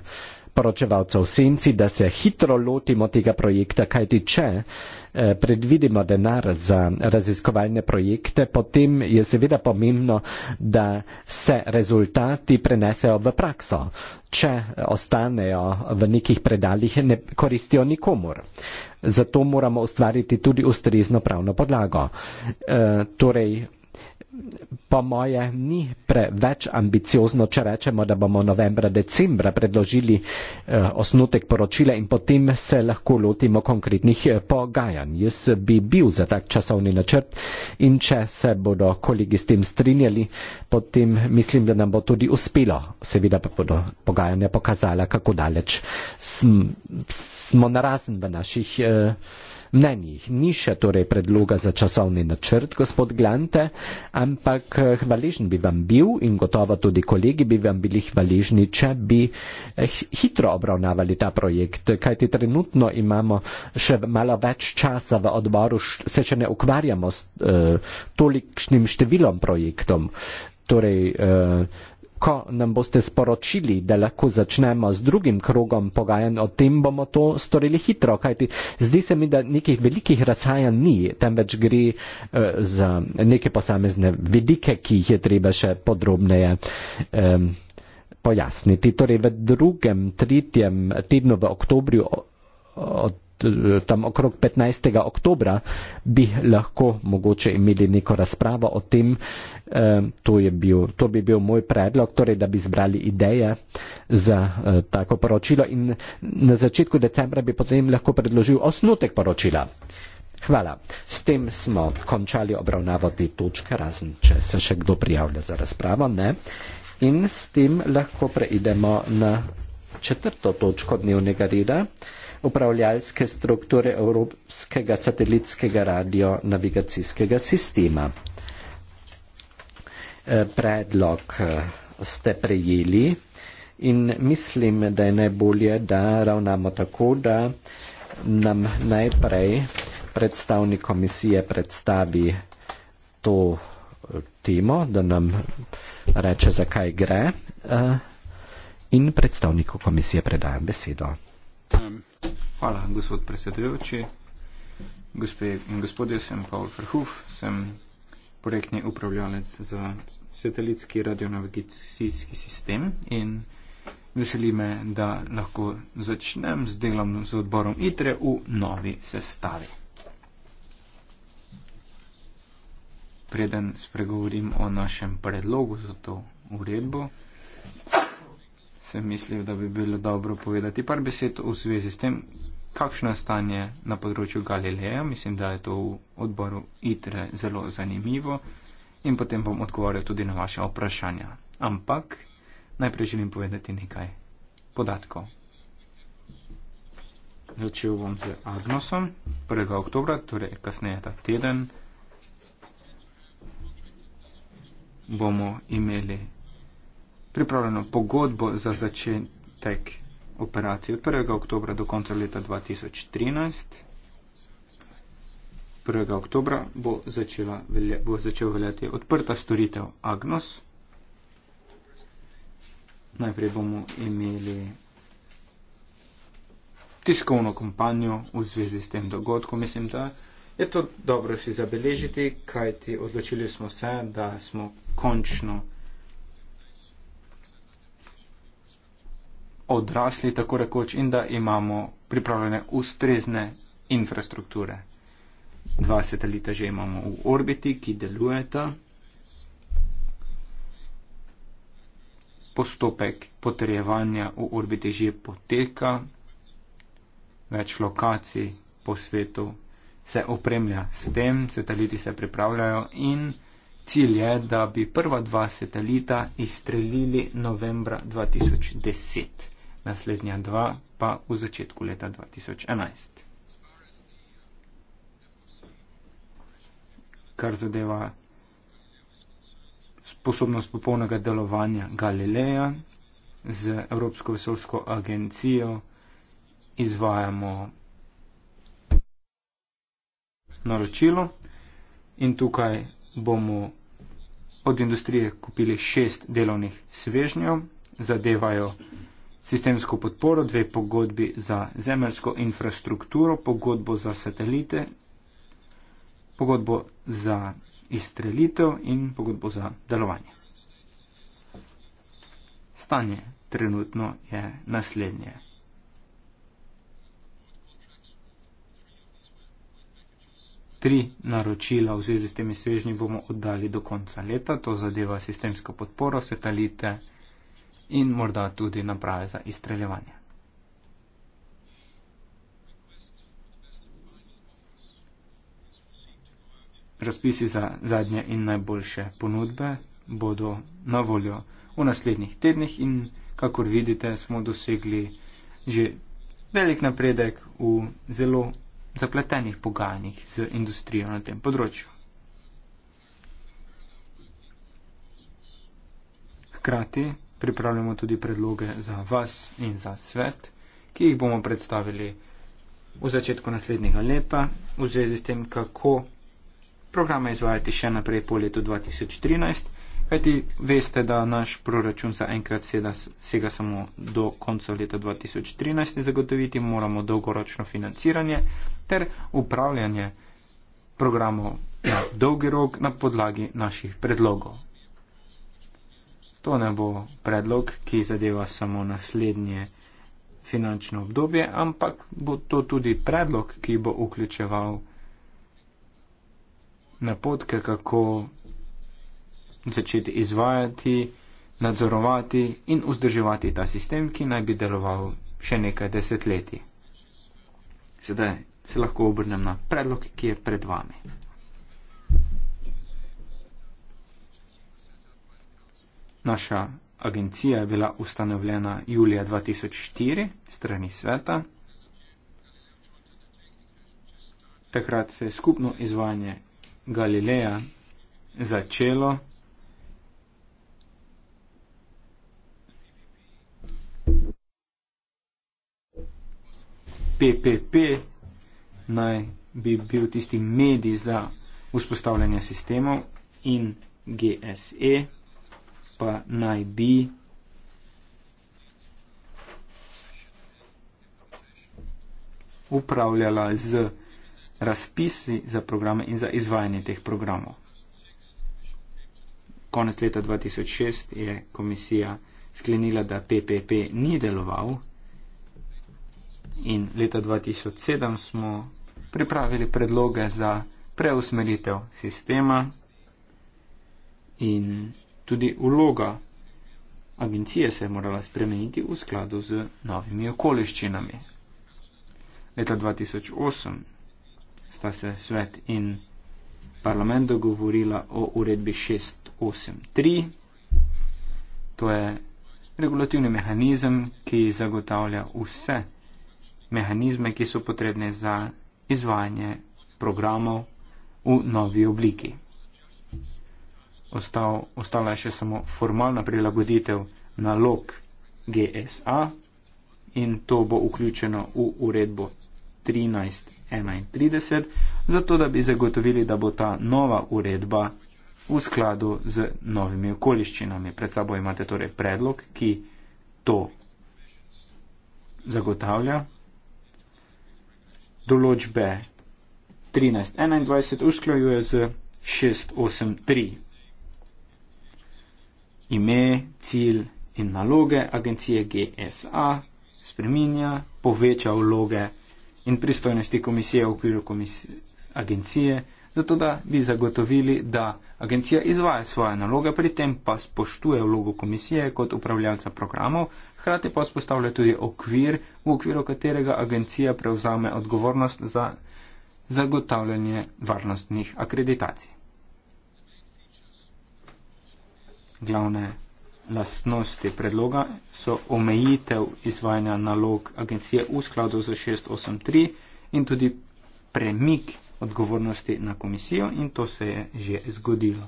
[SPEAKER 1] poročevalcev v senci, da se hitro lotimo tega projekta, kajti če. Uh, Eh, predvidimo denar za raziskovalne projekte, potem je seveda pomembno, da se rezultati prenesejo v prakso. Če ostanejo v nekih predaljih, ne koristijo nikomor. Zato moramo ustvariti tudi ustrezno pravno podlago. E, torej, po moje ni preveč ambiciozno, če rečemo, da bomo novembra, decembra predložili eh, osnutek poročila in potem se lahko lotimo konkretnih eh, pogajanj. Jaz bi bil za tak časovni načrt in če se bodo kolegi s tem strinjali, potem mislim, da nam bo tudi uspelo. Seveda pa bodo pogajanja pokazala, kako daleč sm, smo narazen v naših. Eh, mnenjih. Ni še torej predloga za časovni načrt, gospod Glante, ampak eh, hvaležen bi vam bil in gotovo tudi kolegi bi vam bili hvaležni, če bi eh, hitro obravnavali ta projekt. Kajti trenutno imamo še malo več časa v odboru, se še ne ukvarjamo s uh, tolikšnim številom projektom. Torej, uh, Ko nam boste sporočili, da lahko začnemo z drugim krogom pogajanj, o tem bomo to storili hitro, kajti zdi se mi, da nekih velikih razhajanj ni, temveč gre uh, za neke posamezne vidike, ki jih je treba še podrobneje um, pojasniti. Torej, v drugem, tretjem tednu v oktobru od tam okrog 15. oktobra bi lahko mogoče imeli neko razpravo o tem. Eh, to, bil, to bi bil moj predlog, torej, da bi zbrali ideje za eh, tako poročilo in na začetku decembra bi potem lahko predložil osnutek poročila. Hvala. S tem smo končali obravnavo te točke, razen če se še kdo prijavlja za razpravo. Ne. In s tem lahko preidemo na četrto točko dnevnega reda upravljalske strukture Evropskega satelitskega radio-navigacijskega sistema. Eh, predlog eh, ste prejeli in mislim, da je najbolje, da ravnamo tako, da nam najprej predstavnik komisije predstavi to eh, temo, da nam reče, zakaj gre in predstavniku komisije predajam besedo.
[SPEAKER 3] Um, hvala, gospod predsedujoči. Gospe in gospodje, sem Paul Ferhuf, sem projektni upravljalec za satelitski radionavigacijski sistem in veseli me, da lahko začnem z delom z odborom ITRE v novi sestavi. Preden spregovorim o našem predlogu za to uredbo, sem mislil, da bi bilo dobro povedati par besed v zvezi s tem, kakšno je stanje na področju Galileja. Mislim, da je to v odboru ITRE zelo zanimivo in potem bom odgovoril tudi na vaše vprašanja. Ampak najprej želim povedati nekaj podatkov. Začel bom z Agnosom 1. oktobra, torej kasneje ta teden. Bomo imeli pripravljeno pogodbo za začetek operacije od 1. oktobra do konca leta 2013. 1. oktobra bo, začela, bo začel veljati odprta storitev Agnos. Najprej bomo imeli tiskovno kampanjo v zvezi s tem dogodkom. Mislim, da je to dobro si zabeležiti, kajti odločili smo se, da smo končno odrasli tako rekoč in da imamo pripravljene ustrezne infrastrukture. Dva satelita že imamo v orbiti, ki delujeta. Postopek potrjevanja v orbiti že poteka. Več lokacij po svetu se opremlja s tem, sateliti se pripravljajo in cilj je, da bi prva dva satelita izstrelili novembra 2010 naslednja dva pa v začetku leta 2011. Kar zadeva sposobnost popolnega delovanja Galileja z Evropsko vesolsko agencijo, izvajamo naročilo in tukaj bomo od industrije kupili šest delovnih svežnjev, zadevajo sistemsko podporo, dve pogodbi za zemljsko infrastrukturo, pogodbo za satelite, pogodbo za izstrelitev in pogodbo za delovanje. Stanje trenutno je naslednje. Tri naročila v zvezi s temi svežnji bomo oddali do konca leta, to zadeva sistemsko podporo, satelite in in morda tudi naprave za izstreljevanje. Razpisi za zadnje in najboljše ponudbe bodo na voljo v naslednjih tednih in, kakor vidite, smo dosegli že velik napredek v zelo zapletenih pogajanjih z industrijo na tem področju. Hkrati pripravljamo tudi predloge za vas in za svet, ki jih bomo predstavili v začetku naslednjega leta v zvezi s tem, kako programe izvajati še naprej po letu 2013. Kajti veste, da naš proračun za enkrat seda, sega samo do konca leta 2013 in zagotoviti moramo dolgoročno financiranje ter upravljanje programov na dolgi rok na podlagi naših predlogov. To ne bo predlog, ki zadeva samo naslednje finančno obdobje, ampak bo to tudi predlog, ki bo vključeval napotke, kako začeti izvajati, nadzorovati in vzdrževati ta sistem, ki naj bi deloval še nekaj desetletij. Sedaj se lahko obrnem na predlog, ki je pred vami. Naša agencija je bila ustanovljena julija 2004 strani sveta. Takrat se je skupno izvajanje Galileja začelo. PPP naj bi bil tisti medij za vzpostavljanje sistemov in GSE pa naj bi. upravljala z razpisi za programe in za izvajanje teh programov. Konec leta 2006 je komisija sklenila, da PPP ni deloval in leta 2007 smo pripravili predloge za preusmeritev sistema in Tudi vloga agencije se je morala spremeniti v skladu z novimi okoliščinami. Leta 2008 sta se svet in parlament dogovorila o uredbi 683. To je regulativni mehanizem, ki zagotavlja vse mehanizme, ki so potrebne za izvajanje programov v novi obliki ostal, ostala je še samo formalna prilagoditev nalog GSA in to bo vključeno v uredbo 1331, zato da bi zagotovili, da bo ta nova uredba v skladu z novimi okoliščinami. Pred sabo imate torej predlog, ki to zagotavlja. Določbe 1321 usklajuje z 683 ime, cilj in naloge agencije GSA, spreminja, poveča vloge in pristojnosti komisije v okviru komisije, agencije, zato da bi zagotovili, da agencija izvaja svoje naloge, pri tem pa spoštuje vlogo komisije kot upravljalca programov, hkrati pa spostavlja tudi okvir, v okviru katerega agencija prevzame odgovornost za zagotavljanje varnostnih akreditacij. glavne lastnosti predloga so omejitev izvajanja nalog agencije v skladu za 683 in tudi premik odgovornosti na komisijo in to se je že zgodilo.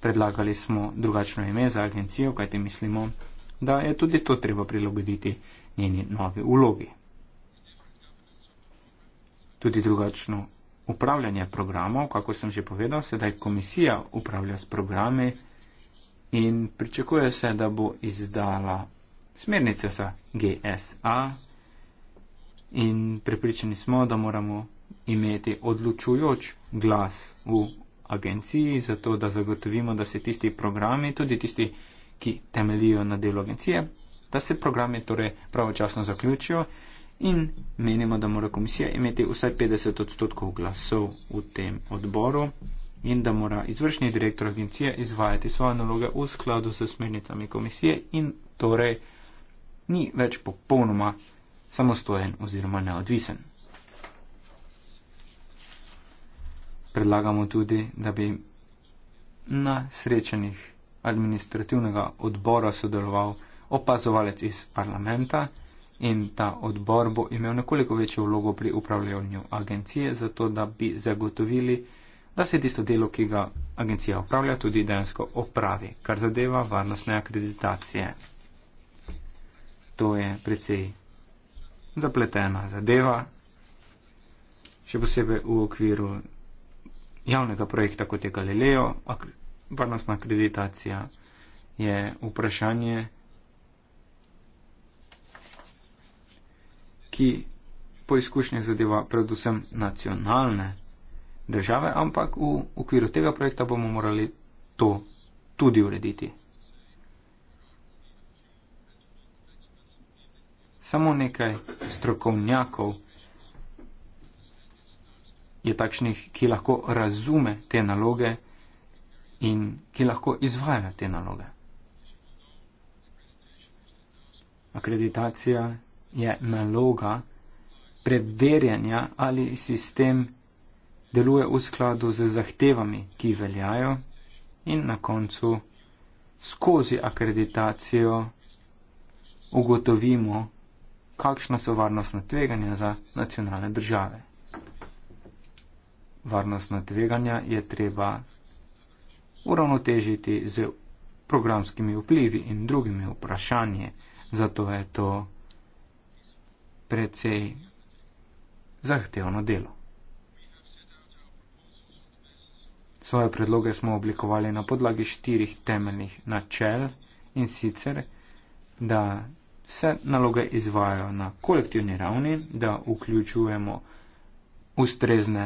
[SPEAKER 3] Predlagali smo drugačno ime za agencijo, kajti mislimo, da je tudi to treba prilagoditi njeni novi ulogi. Tudi drugačno upravljanje programov, kako sem že povedal, sedaj komisija upravlja s programi in pričakuje se, da bo izdala smernice za GSA in pripričani smo, da moramo imeti odločujoč glas v agenciji, zato da zagotovimo, da se tisti programi, tudi tisti, ki temelijo na delu agencije, da se programe torej pravočasno zaključijo in menimo, da mora komisija imeti vsaj 50 odstotkov glasov v tem odboru, in da mora izvršni direktor agencije izvajati svoje naloge v skladu s smernicami komisije in torej ni več popolnoma samostojen oziroma neodvisen. Predlagamo tudi, da bi na srečanjih administrativnega odbora sodeloval opazovalec iz parlamenta in ta odbor bo imel nekoliko večjo vlogo pri upravljanju agencije, zato da bi zagotovili, da se tisto delo, ki ga agencija upravlja, tudi dejansko opravi, kar zadeva varnostne akreditacije. To je precej zapletena zadeva, še posebej v okviru javnega projekta, kot je Galileo. Varnostna akreditacija je vprašanje, ki po izkušnjah zadeva predvsem nacionalne države, ampak v okviru tega projekta bomo morali to tudi urediti. Samo nekaj strokovnjakov je takšnih, ki lahko razume te naloge in ki lahko izvaja te naloge. Akreditacija je naloga preverjanja, ali sistem deluje v skladu z zahtevami, ki veljajo in na koncu skozi akreditacijo ugotovimo, kakšna so varnostna tveganja za nacionalne države. Varnostna tveganja je treba uravnotežiti z programskimi vplivi in drugimi vprašanji, zato je to precej zahtevno delo. Svoje predloge smo oblikovali na podlagi štirih temeljnih načel in sicer, da se naloge izvajajo na kolektivni ravni, da vključujemo ustrezne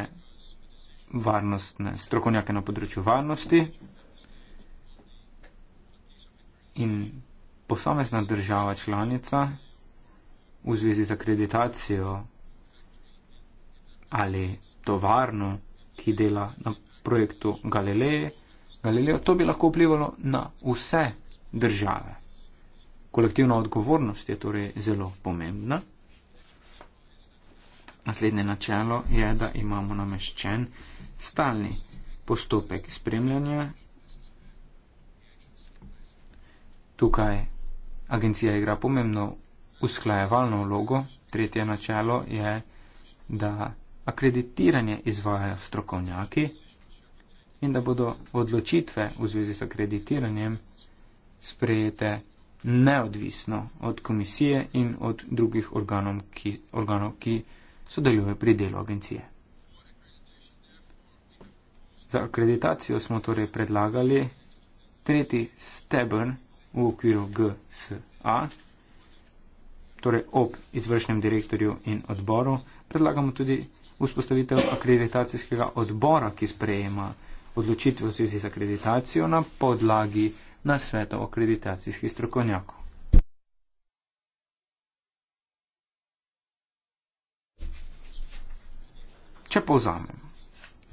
[SPEAKER 3] varnostne strokovnjake na področju varnosti in posamezna država članica v zvezi z akreditacijo ali tovarno, ki dela na projektu Galileje, Galileo, to bi lahko vplivalo na vse države. Kolektivna odgovornost je torej zelo pomembna. Naslednje načelo je, da imamo nameščen stalni postopek spremljanja. Tukaj agencija igra pomembno usklajevalno vlogo. Tretje načelo je, da akreditiranje izvajajo strokovnjaki in da bodo odločitve v zvezi s akreditiranjem sprejete neodvisno od komisije in od drugih organov, ki, organov, ki sodelujejo pri delu agencije. Za akreditacijo smo torej predlagali tretji stebr v okviru GSA, torej ob izvršnem direktorju in odboru. Predlagamo tudi vzpostavitev akreditacijskega odbora, ki sprejema odločitve v zvezi z akreditacijo na podlagi nasvetov akreditacijskih strokovnjakov. Če povzamem,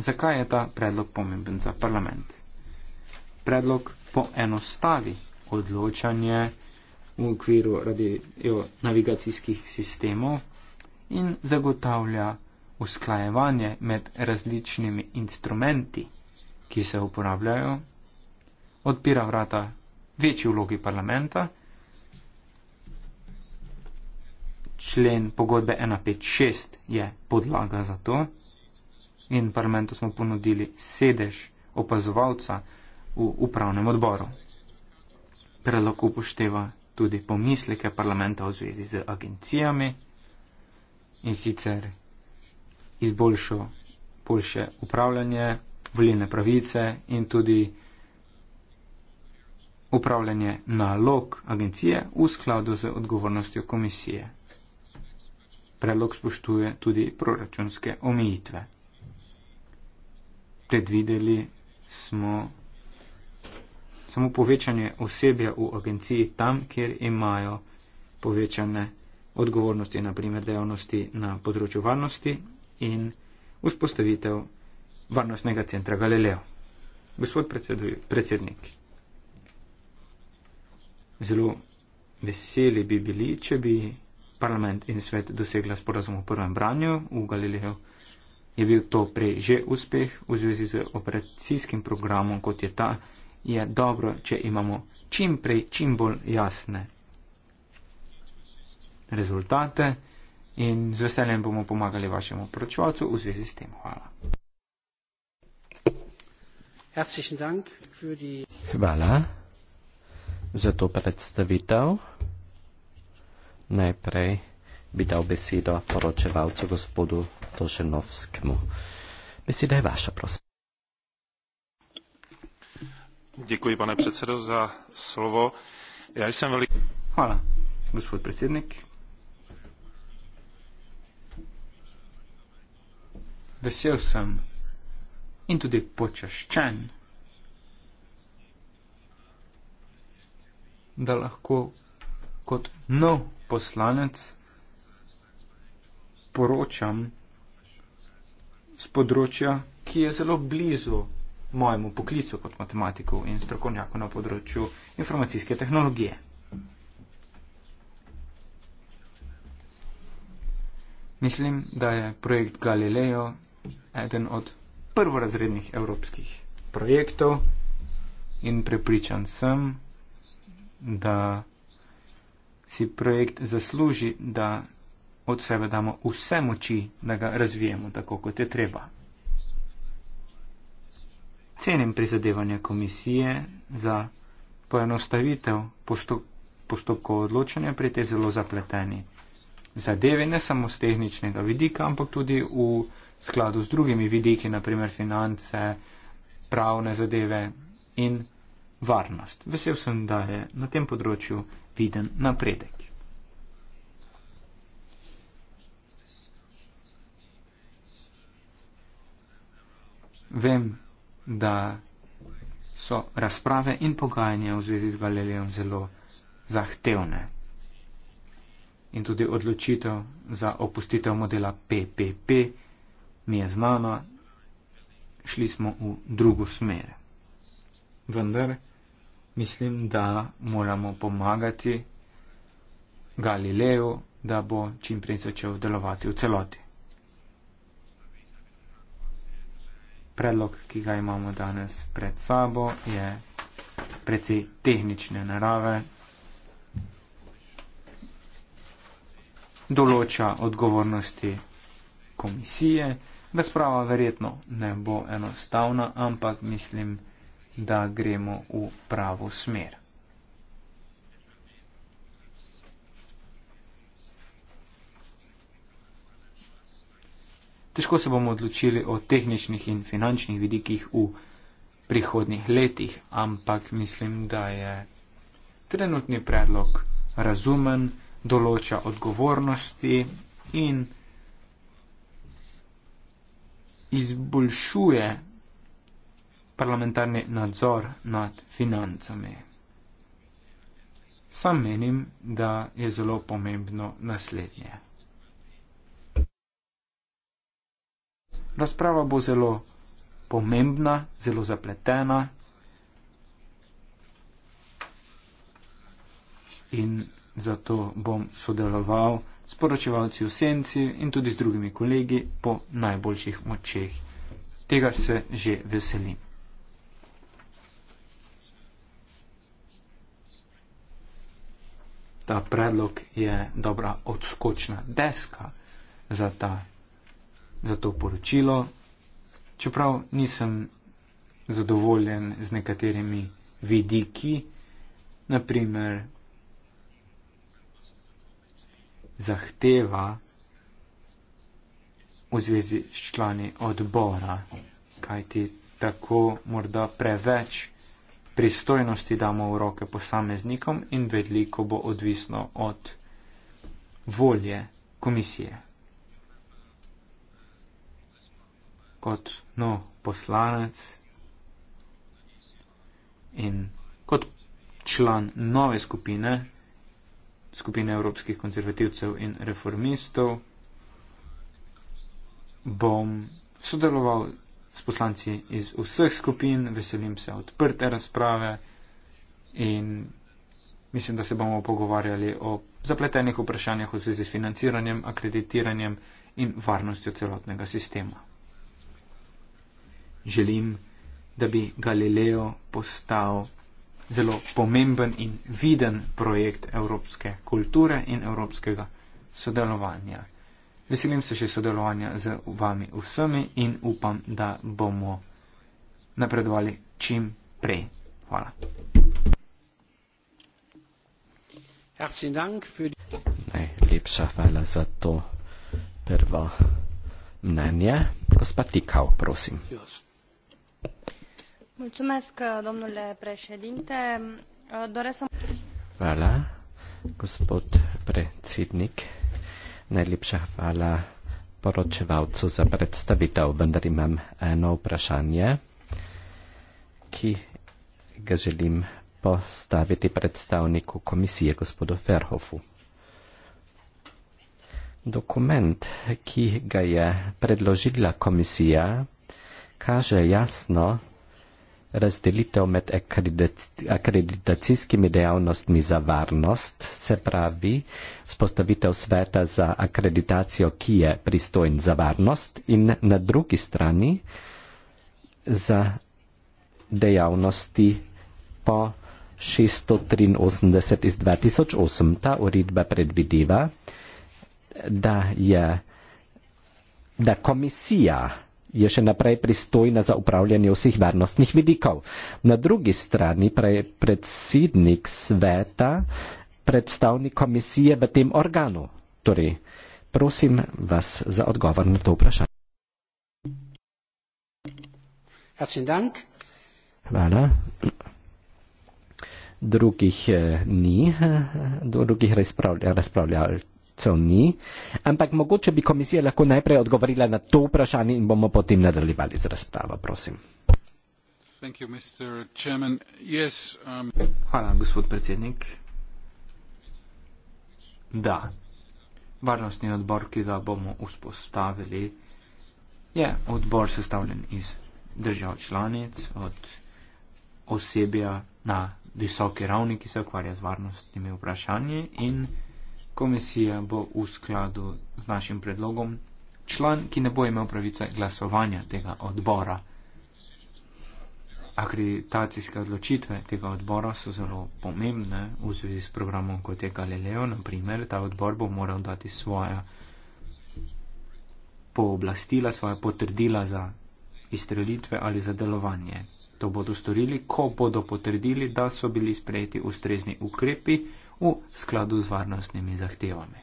[SPEAKER 3] zakaj je ta predlog pomemben za parlament? Predlog poenostavi odločanje v okviru radio navigacijskih sistemov in zagotavlja usklajevanje med različnimi instrumenti ki se uporabljajo, odpira vrata večji vlogi parlamenta. Člen pogodbe 156 je podlaga za to in parlamentu smo ponudili sedež opazovalca v upravnem odboru. Predlog upošteva tudi pomisleke parlamenta v zvezi z agencijami in sicer izboljšo boljše upravljanje volilne pravice in tudi upravljanje nalog agencije v skladu z odgovornostjo komisije. Predlog spoštuje tudi proračunske omejitve. Predvideli smo samo povečanje osebja v agenciji tam, kjer imajo povečane odgovornosti, naprimer dejavnosti na področju varnosti in vzpostavitev varnostnega centra Galileo. Gospod predsednik, zelo veseli bi bili, če bi parlament in svet dosegla sporazum o prvem branju v Galileo. Je bil to prej že uspeh v zvezi z operacijskim programom, kot je ta, je dobro, če imamo čim prej, čim bolj jasne rezultate in z veseljem bomo pomagali vašemu poročevalcu v zvezi s tem. Hvala. Hvala za to
[SPEAKER 1] predstavitev. Najprej bi dal besedo poročevalcu gospodu Toženovskemu. Beseda je vaša, prosim.
[SPEAKER 3] Děkuji, pane předsedo, za slovo. Já jsem velik... Hvala, gospod predsednik. Vesel sem, in tudi počaščen, da lahko kot nov poslanec poročam z področja, ki je zelo blizu mojemu poklicu kot matematiku in strokovnjaku na področju informacijske tehnologije. Mislim, da je projekt Galileo eden od prvorazrednih evropskih projektov in prepričan sem, da si projekt zasluži, da od sebe damo vse moči, da ga razvijemo tako, kot je treba. Cenim prizadevanja komisije za poenostavitev postopkov odločanja pri tej zelo zapleteni zadeve, ne samo z tehničnega vidika, ampak tudi v skladu z drugimi vidiki, naprimer finance, pravne zadeve in varnost. Vesel sem, da je na tem področju viden napredek. Vem, da so razprave in pogajanja v zvezi z Galilejem zelo zahtevne in tudi odločitev za opustitev modela PPP mi je znana, šli smo v drugo smer. Vendar mislim, da moramo pomagati Galileju, da bo čim prej začel delovati v celoti. Predlog, ki ga imamo danes pred sabo, je precej tehnične narave, določa odgovornosti komisije. Razprava verjetno ne bo enostavna, ampak mislim, da gremo v pravo smer. Težko se bomo odločili o tehničnih in finančnih vidikih v prihodnih letih, ampak mislim, da je trenutni predlog razumen določa odgovornosti in izboljšuje parlamentarni nadzor nad financami. Sam menim, da je zelo pomembno naslednje. Razprava bo zelo pomembna, zelo zapletena in zato bom sodeloval s poročevalci v senci in tudi z drugimi kolegi po najboljših močeh. Tega se že veselim. Ta predlog je dobra odskočna deska za, ta, za to poročilo, čeprav nisem zadovoljen z nekaterimi vidiki, naprimer zahteva v zvezi s člani odbora, kajti tako morda preveč pristojnosti damo v roke posameznikom in veliko bo odvisno od volje komisije. Kot no poslanec in kot član nove skupine, skupine evropskih konzervativcev in reformistov, bom sodeloval s poslanci iz vseh skupin, veselim se odprte razprave in mislim, da se bomo pogovarjali o zapletenih vprašanjah v zvezi s financiranjem, akreditiranjem in varnostjo celotnega sistema. Želim, da bi Galileo postal zelo pomemben in viden projekt evropske kulture in evropskega sodelovanja. Veselim se še sodelovanja z vami vsemi in upam, da bomo napredovali čim prej. Hvala.
[SPEAKER 1] Najlepša hvala za to prvo mnenje. Gospod Tikal, prosim. Yes. Mulțumesc, domnule președinte. Doresc să... Vala, gospod predsednik, najlepša hvala poročevalcu za predstavitev, vendar imam eno vprašanje, ki ga želim postaviti predstavniku komisije, gospodu Ferhofu. Dokument, ki ga je predložila komisija, kaže jasno, razdelitev med akreditacijskimi dejavnostmi za varnost, se pravi spostavitev sveta za akreditacijo, ki je pristojen za varnost in na drugi strani za dejavnosti po 683 iz 2008. Ta uredba predvideva, da je da komisija je še naprej pristojna za upravljanje vseh varnostnih vidikov. Na drugi strani pa je predsednik sveta predstavnik komisije v tem organu. Torej, prosim vas za odgovor na to vprašanje. Hvala. Drugih eh, ni, eh, drugih razpravljalcev. Razpravlja, to ni. Ampak mogoče bi komisija lahko najprej odgovorila na to vprašanje in bomo potem nadaljevali z razpravo. Prosim.
[SPEAKER 3] Thank you, Mr. Chairman. Yes, um... Hvala, gospod predsednik. Da, varnostni odbor, ki ga bomo vzpostavili, je odbor sestavljen iz držav članic, od osebja na visoki ravni, ki se ukvarja z varnostnimi vprašanji in komisija bo v skladu z našim predlogom član, ki ne bo imel pravice glasovanja tega odbora. Akreditacijske odločitve tega odbora so zelo pomembne v zvezi s programom kot je Galileo. Naprimer, ta odbor bo moral dati svoja pooblastila, svoja potrdila za izstrelitve ali za delovanje. To bodo storili, ko bodo potrdili, da so bili sprejeti ustrezni ukrepi v skladu z varnostnimi zahtevami.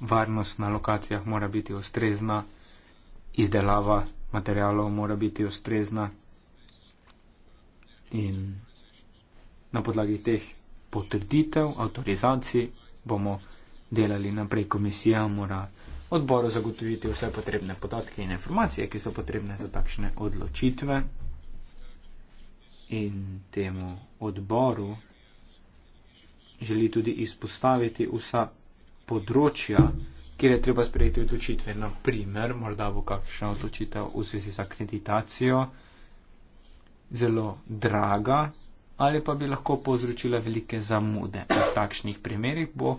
[SPEAKER 3] Varnost na lokacijah mora biti ustrezna, izdelava materialov mora biti ustrezna in na podlagi teh potrditev, avtorizacij bomo delali naprej. Komisija mora odboru zagotoviti vse potrebne podatke in informacije, ki so potrebne za takšne odločitve in temu odboru želi tudi izpostaviti vsa področja, kjer je treba sprejeti odločitve. Naprimer, morda bo kakšna odločitev v zvezi z akreditacijo zelo draga ali pa bi lahko povzročila velike zamude. V takšnih primerih bo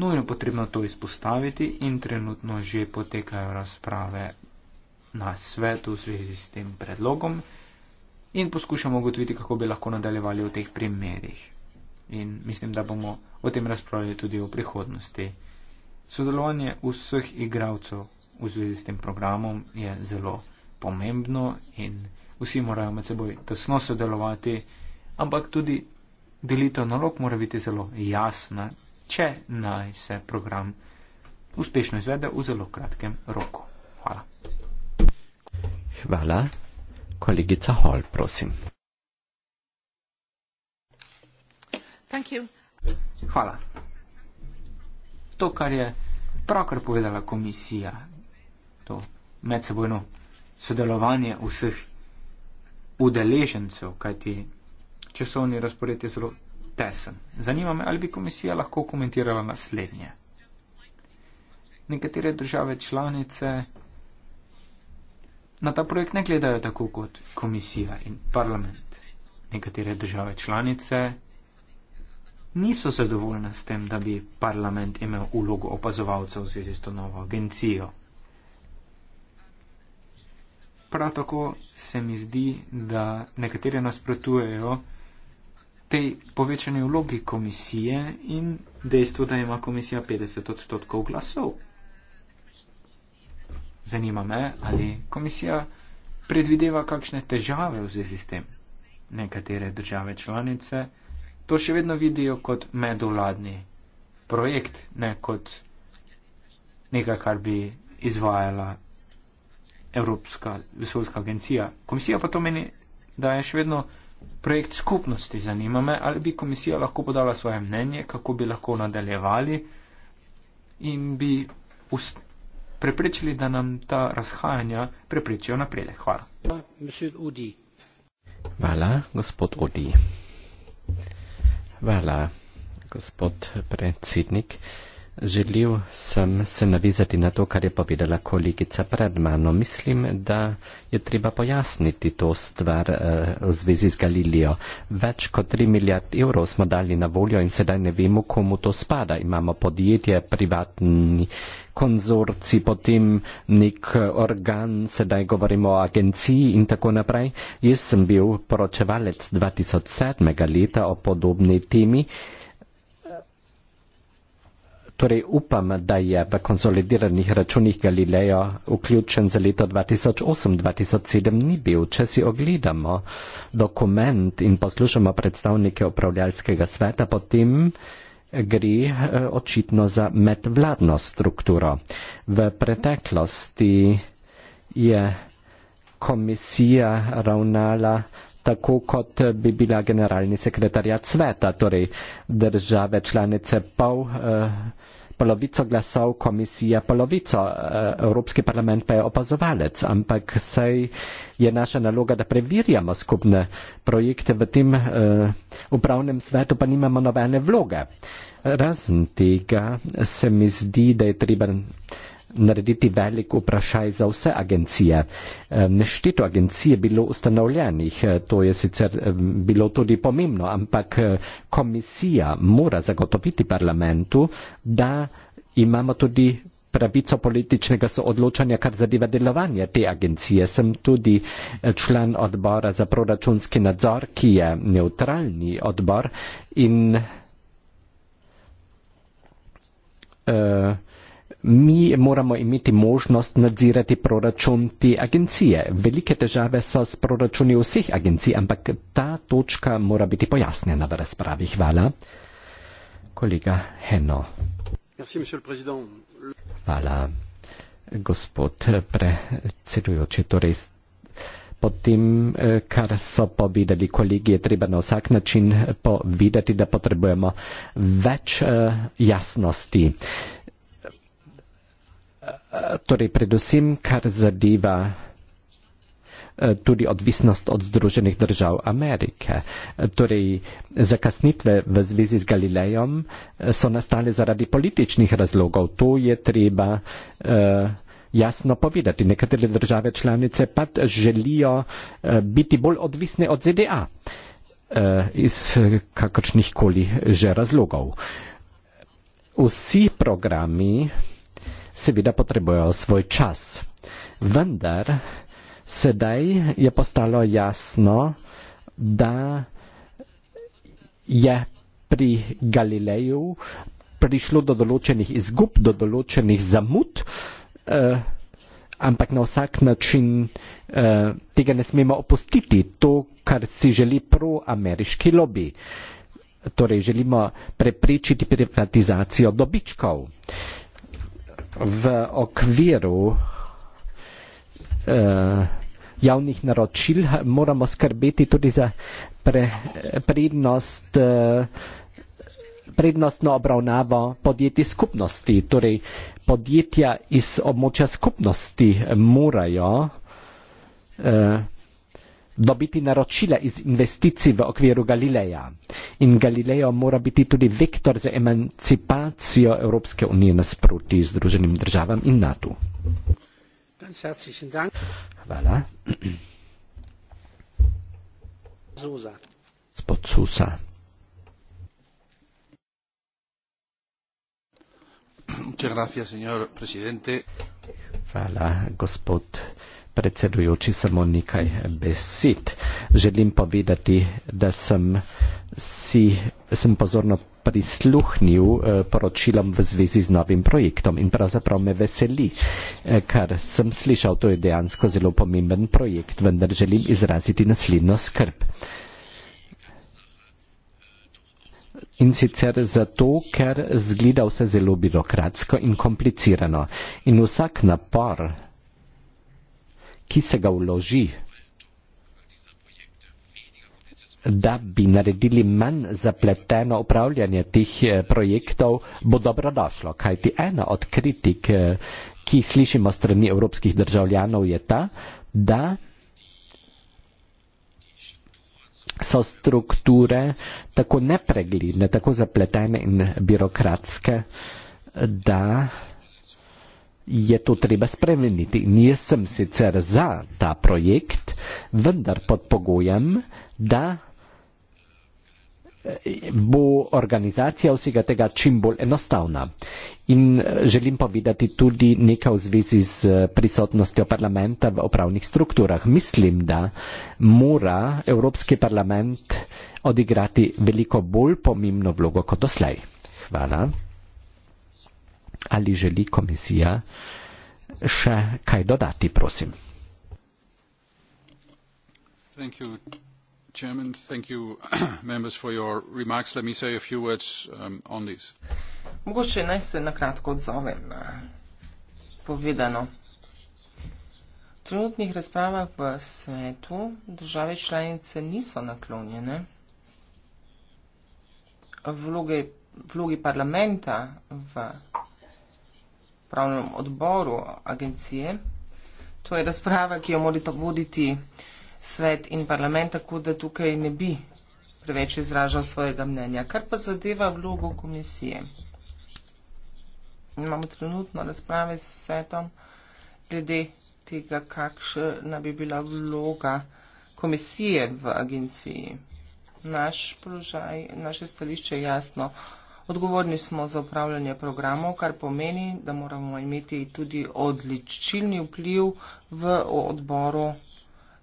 [SPEAKER 3] Nujno potrebno to izpostaviti in trenutno že potekajo razprave na svetu v zvezi s tem predlogom in poskušamo ugotoviti, kako bi lahko nadaljevali v teh primerih. In mislim, da bomo o tem razpravljali tudi v prihodnosti. Sodelovanje vseh igralcev v zvezi s tem programom je zelo pomembno in vsi morajo med seboj tesno sodelovati, ampak tudi delitev nalog mora biti zelo jasna, če naj se program uspešno izvede v zelo kratkem roku. Hvala.
[SPEAKER 1] Hvala. Kolegica Hall, prosim.
[SPEAKER 2] Thank you. Hvala.
[SPEAKER 3] To, kar je pravkar povedala komisija, to medsebojno sodelovanje vseh udeležencev, kajti časovni razpored je zelo tesen. Zanima me, ali bi komisija lahko komentirala naslednje. Nekatere države članice na ta projekt ne gledajo tako kot komisija in parlament. Nekatere države članice niso zadovoljne s tem, da bi parlament imel ulogo opazovalcev v zvezi s to novo agencijo. Prav tako se mi zdi, da nekateri nasprotujejo, tej povečanej vlogi komisije in dejstvu, da ima komisija 50 odstotkov glasov. Zanima me, ali komisija predvideva kakšne težave v zvezi s tem. Nekatere države članice to še vedno vidijo kot medvladni projekt, ne kot nekaj, kar bi izvajala Evropska vesoljska agencija. Komisija pa to meni, da je še vedno projekt skupnosti. Zanima me, ali bi komisija lahko podala svoje mnenje, kako bi lahko nadaljevali in bi preprečili, da nam ta razhajanja preprečijo napredek. Hvala.
[SPEAKER 1] Hvala, gospod Odi. Hvala, gospod predsednik. Želel sem se navizati na to, kar je povedala kolegica pred mano. Mislim, da je treba pojasniti to stvar eh, v zvezi z Galilijo. Več kot 3 milijard evrov smo dali na voljo in sedaj ne vemo, komu to spada. Imamo podjetje, privatni konzorci, potem nek organ, sedaj govorimo o agenciji in tako naprej. Jaz sem bil poročevalec 2007. leta o podobni temi. Torej upam, da je v konsolidiranih računih Galileo vključen za leto 2008-2007 ni bil. Če si ogledamo dokument in poslušamo predstavnike upravljalskega sveta, potem eh, gre eh, očitno za medvladno strukturo. V preteklosti je komisija ravnala tako kot bi bila generalni sekretarjat sveta, torej države članice pol, eh, polovico glasov, komisija polovico, eh, Evropski parlament pa je opazovalec, ampak sej je naša naloga, da preverjamo skupne projekte v tem eh, upravnem svetu, pa nimamo nobene vloge. Razen tega se mi zdi, da je treba narediti velik vprašaj za vse agencije. Nešteto agencije bilo ustanovljenih, eh, to je sicer bilo tudi pomembno, ampak eh, komisija mora zagotoviti parlamentu, da imamo tudi pravico političnega soodločanja, kar zadeva delovanje te agencije. Sem tudi eh, član odbora za proračunski nadzor, ki je neutralni odbor in uh, mi moramo imeti možnost nadzirati proračun te agencije. Velike težave so s proračuni vseh agencij, ampak ta točka mora biti pojasnjena v razpravi. Hvala. Kolega Heno. Hvala. Gospod predsedujoči, torej po tem, eh, kar so povedali kolegi, je treba na vsak način povedati, da potrebujemo več eh, jasnosti torej predvsem, kar zadeva eh, tudi odvisnost od Združenih držav Amerike. Torej, zakasnitve v zvezi z Galilejem eh, so nastale zaradi političnih razlogov. To je treba uh, jasno povedati. Nekatere države članice pa želijo uh, biti bolj odvisne od ZDA uh, iz kakršnih koli že razlogov. Vsi programi, seveda potrebujejo svoj čas. Vendar sedaj je postalo jasno, da je pri Galileju prišlo do določenih izgub, do določenih zamud, eh, ampak na vsak način eh, tega ne smemo opustiti, to, kar si želi proameriški lobby. Torej, želimo preprečiti privatizacijo dobičkov. Eh, v okviru uh, javnih naročil moramo skrbeti tudi za pre, prednost, uh, prednostno obravnavo podjetij skupnosti. Torej, podjetja iz območja skupnosti morajo uh, dobiti naročila iz investicij v okviru Galileja. In Galileo mora biti tudi vektor za emancipacijo Evropske unije nasproti Združenim državam in NATO. Hvala. Gospod Susa. Hvala, gospod predsedujoči samo nekaj besed. Želim povedati, da sem, si, sem pozorno prisluhnil eh, poročilom v zvezi z novim projektom in pravzaprav me veseli, eh, kar sem slišal, to je dejansko zelo pomemben projekt, vendar želim izraziti naslednjo skrb. In sicer zato, ker zgleda vse zelo birokratsko in komplicirano. In vsak napor ki se ga vloži, da bi naredili manj zapleteno upravljanje teh eh, projektov, bo dobrodošlo. Kaj ti ena od kritik, eh, ki slišimo strani evropskih državljanov, je ta, da so strukture tako nepregledne, tako zapletene in birokratske, da je to treba spremeniti. Nisem sicer za ta projekt, vendar pod pogojem, da eh, bo organizacija vsega tega čim bolj enostavna. In eh, želim povedati tudi nekaj v zvezi z eh, prisotnostjo parlamenta v upravnih strukturah. Mislim, da mora Evropski parlament odigrati veliko bolj pomembno vlogo kot doslej. Hvala. Ali želi komisija še kaj dodati, prosim?
[SPEAKER 3] Thank you, Chairman. Thank you, members, for your remarks. Let me say a few words um, on this.
[SPEAKER 2] Mogoče naj se nakratko odzovem na povedano. V trenutnih razpravah v svetu države članice niso naklonjene. Vloge, vlogi parlamenta v upravnem odboru agencije. To je razprava, ki jo morata voditi svet in parlament, tako da tukaj ne bi preveč izražal svojega mnenja. Kar pa zadeva vlogo komisije. Imamo trenutno razprave s svetom glede tega, kakšna bi bila vloga komisije v agenciji. Naš položaj, naše stališče je jasno. Odgovorni smo za upravljanje programov, kar pomeni, da moramo imeti tudi odličilni vpliv v odboru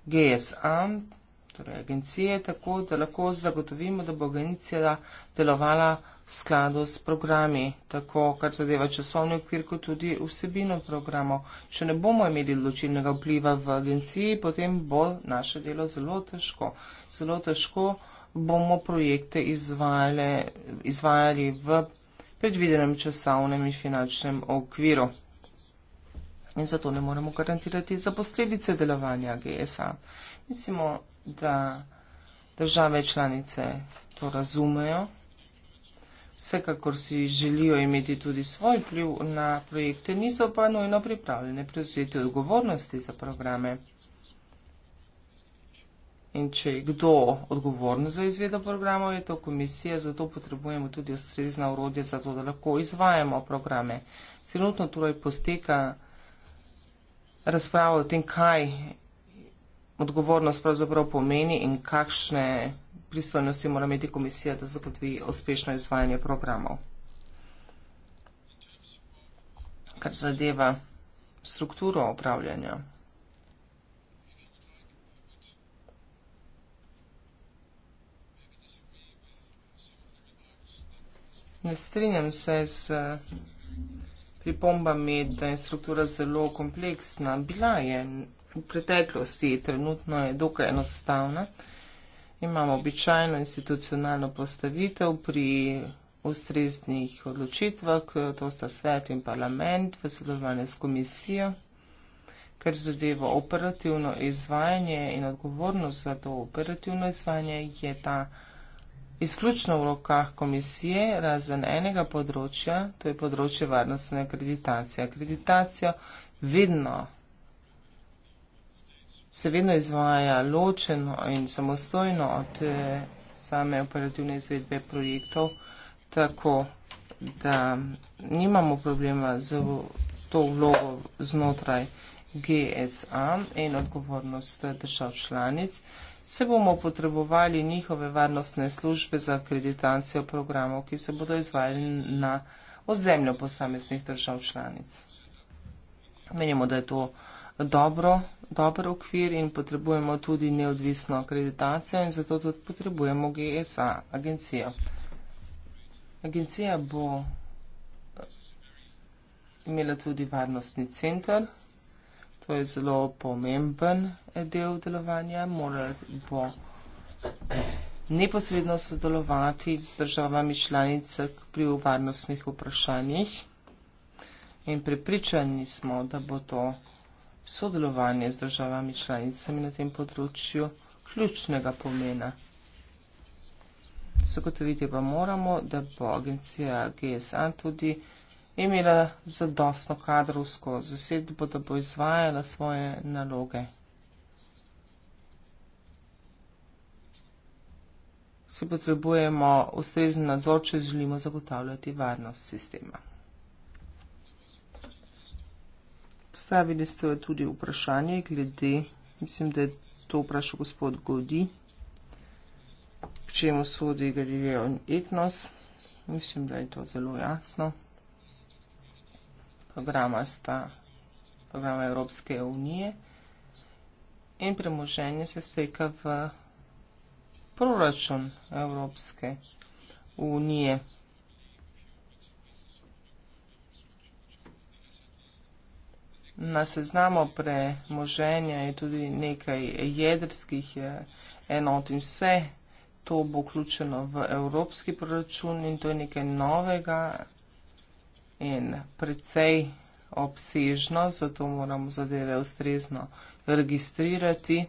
[SPEAKER 2] GSA, torej agencije, tako da lahko zagotovimo, da bo agencija delovala v skladu s programi, tako kar zadeva časovni okvir, kot tudi vsebino programov. Če ne bomo imeli odločilnega vpliva v agenciji, potem bo naše delo zelo težko. Zelo težko bomo projekte izvajale, izvajali v predvidenem časovnem in finančnem okviru. In zato ne moremo garantirati za posledice delovanja GSA. Mislimo, da države članice to razumejo. Vsekakor si želijo imeti tudi svoj vpliv na projekte, niso pa nujno pripravljene prevzeti odgovornosti za programe in če je kdo odgovoren za izvedo programov, je to komisija, zato potrebujemo tudi ustrezna urodja, zato da lahko izvajamo programe. Trenutno torej posteka razprava o tem, kaj odgovornost pravzaprav pomeni in kakšne pristojnosti mora imeti komisija, da zagotovi uspešno izvajanje programov. Kar zadeva strukturo upravljanja. Ne strinjam se s eh, pripombami, da je struktura zelo kompleksna. Bila je v preteklosti, trenutno je dokaj enostavna. Imamo običajno institucionalno postavitev pri ustreznih odločitvah, to sta svet in parlament v sodelovanju s komisijo, ker zadeva operativno izvajanje in odgovornost za to operativno izvajanje je ta izključno v rokah komisije, razen enega področja, to je področje varnostne akreditacije. Akreditacija vedno se vedno izvaja ločeno in samostojno od eh, same operativne izvedbe projektov, tako da nimamo problema z to vlogo znotraj GSA in odgovornost eh, držav članic se bomo potrebovali njihove varnostne službe za akreditacijo programov, ki se bodo izvajali na ozemlju posameznih držav članic. Menimo, da je to dobro, dober okvir in potrebujemo tudi neodvisno akreditacijo in zato tudi potrebujemo GSA agencijo. Agencija bo imela tudi varnostni center. To je zelo pomemben eh, del delovanja. Moral bo neposredno sodelovati z državami članice pri varnostnih vprašanjih. In prepričani smo, da bo to sodelovanje z državami članicami na tem področju ključnega pomena. Zagotoviti pa moramo, da bo agencija GSA tudi imela zadostno kadrovsko zasedbo, da bo izvajala svoje naloge. Vsi potrebujemo ustrezen nadzor, če želimo zagotavljati varnost sistema. Postavili ste tudi vprašanje glede, mislim, da je to vprašal gospod Godi, k čemu sodi Galileo in Egnos. Mislim, da je to zelo jasno programa sta programa Evropske unije in premoženje se steka v proračun Evropske unije. Na seznamu premoženja je tudi nekaj jedrskih enot in vse to bo vključeno v evropski proračun in to je nekaj novega, in precej obsežno, zato moramo zadeve ustrezno registrirati,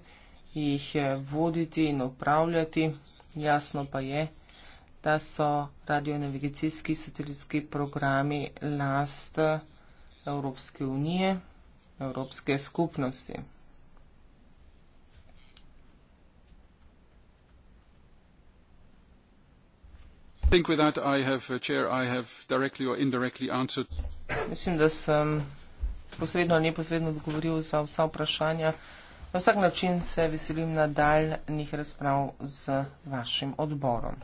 [SPEAKER 2] jih voditi in upravljati. Jasno pa je, da so radionavigacijski satelitski programi last Evropske unije, Evropske skupnosti.
[SPEAKER 3] think with that I have, uh, Chair, I have directly or indirectly answered.
[SPEAKER 2] Mislim, da sem posredno ali neposredno odgovoril za vsa vprašanja. Na vsak način se veselim nadaljnih razprav z vašim odborom.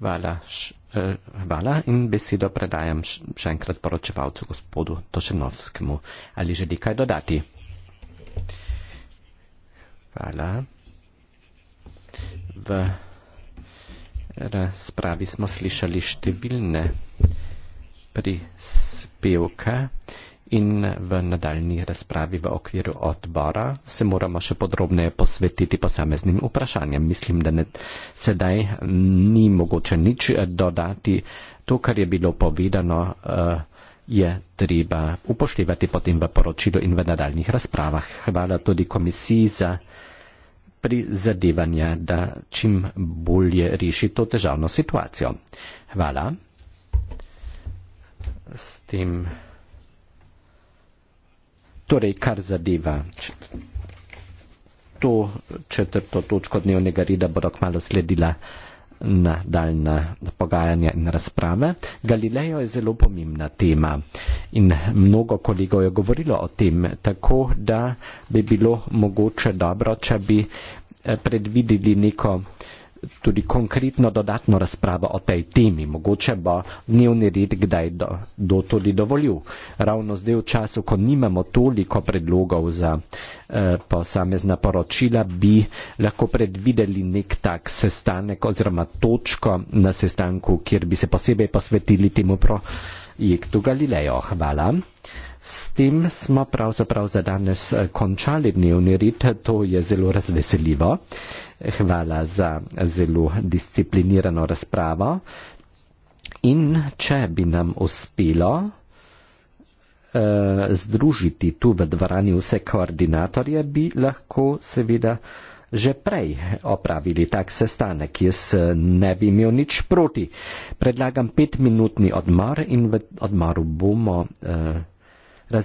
[SPEAKER 1] Hvala. Eh, hvala in besedo predajam še enkrat poročevalcu gospodu Tošenovskemu. Ali želi kaj dodati? Hvala v razpravi smo slišali številne prispevke in v nadaljni razpravi v okviru odbora se moramo še podrobneje posvetiti posameznim vprašanjem. Mislim, da ne, sedaj ni mogoče nič eh, dodati. To, kar je bilo povedano, eh, je treba upoštevati potem v poročilu in v nadaljnih razpravah. Hvala tudi komisiji za prizadevanja, da čim bolje reši to težavno situacijo. Hvala. S tem, torej, kar zadeva to četrto točko dnevnega reda, bodo kmalo sledila nadaljne pogajanja in razprave. Galilejo je zelo pomembna tema in mnogo kolegov je govorilo o tem, tako da bi bilo mogoče dobro, če bi eh, predvideli neko tudi konkretno dodatno razpravo o tej temi. Mogoče bo dnevni red kdaj do, do tudi dovolil. Ravno zdaj v času, ko nimamo toliko predlogov za eh, posamezna poročila, bi lahko predvideli nek tak sestanek oziroma točko na sestanku, kjer bi se posebej posvetili temu projektu Galileo. Hvala. Eh, S tem smo pravzaprav za danes eh, končali dnevni rit, to je zelo razveseljivo. Hvala za zelo disciplinirano razpravo. In če bi nam uspelo eh, združiti tu v dvorani vse koordinatorje, bi lahko seveda že prej opravili tak sestanek. Jaz eh, ne bi imel nič proti.
[SPEAKER 3] Predlagam petminutni odmor in v odmoru bomo. Eh,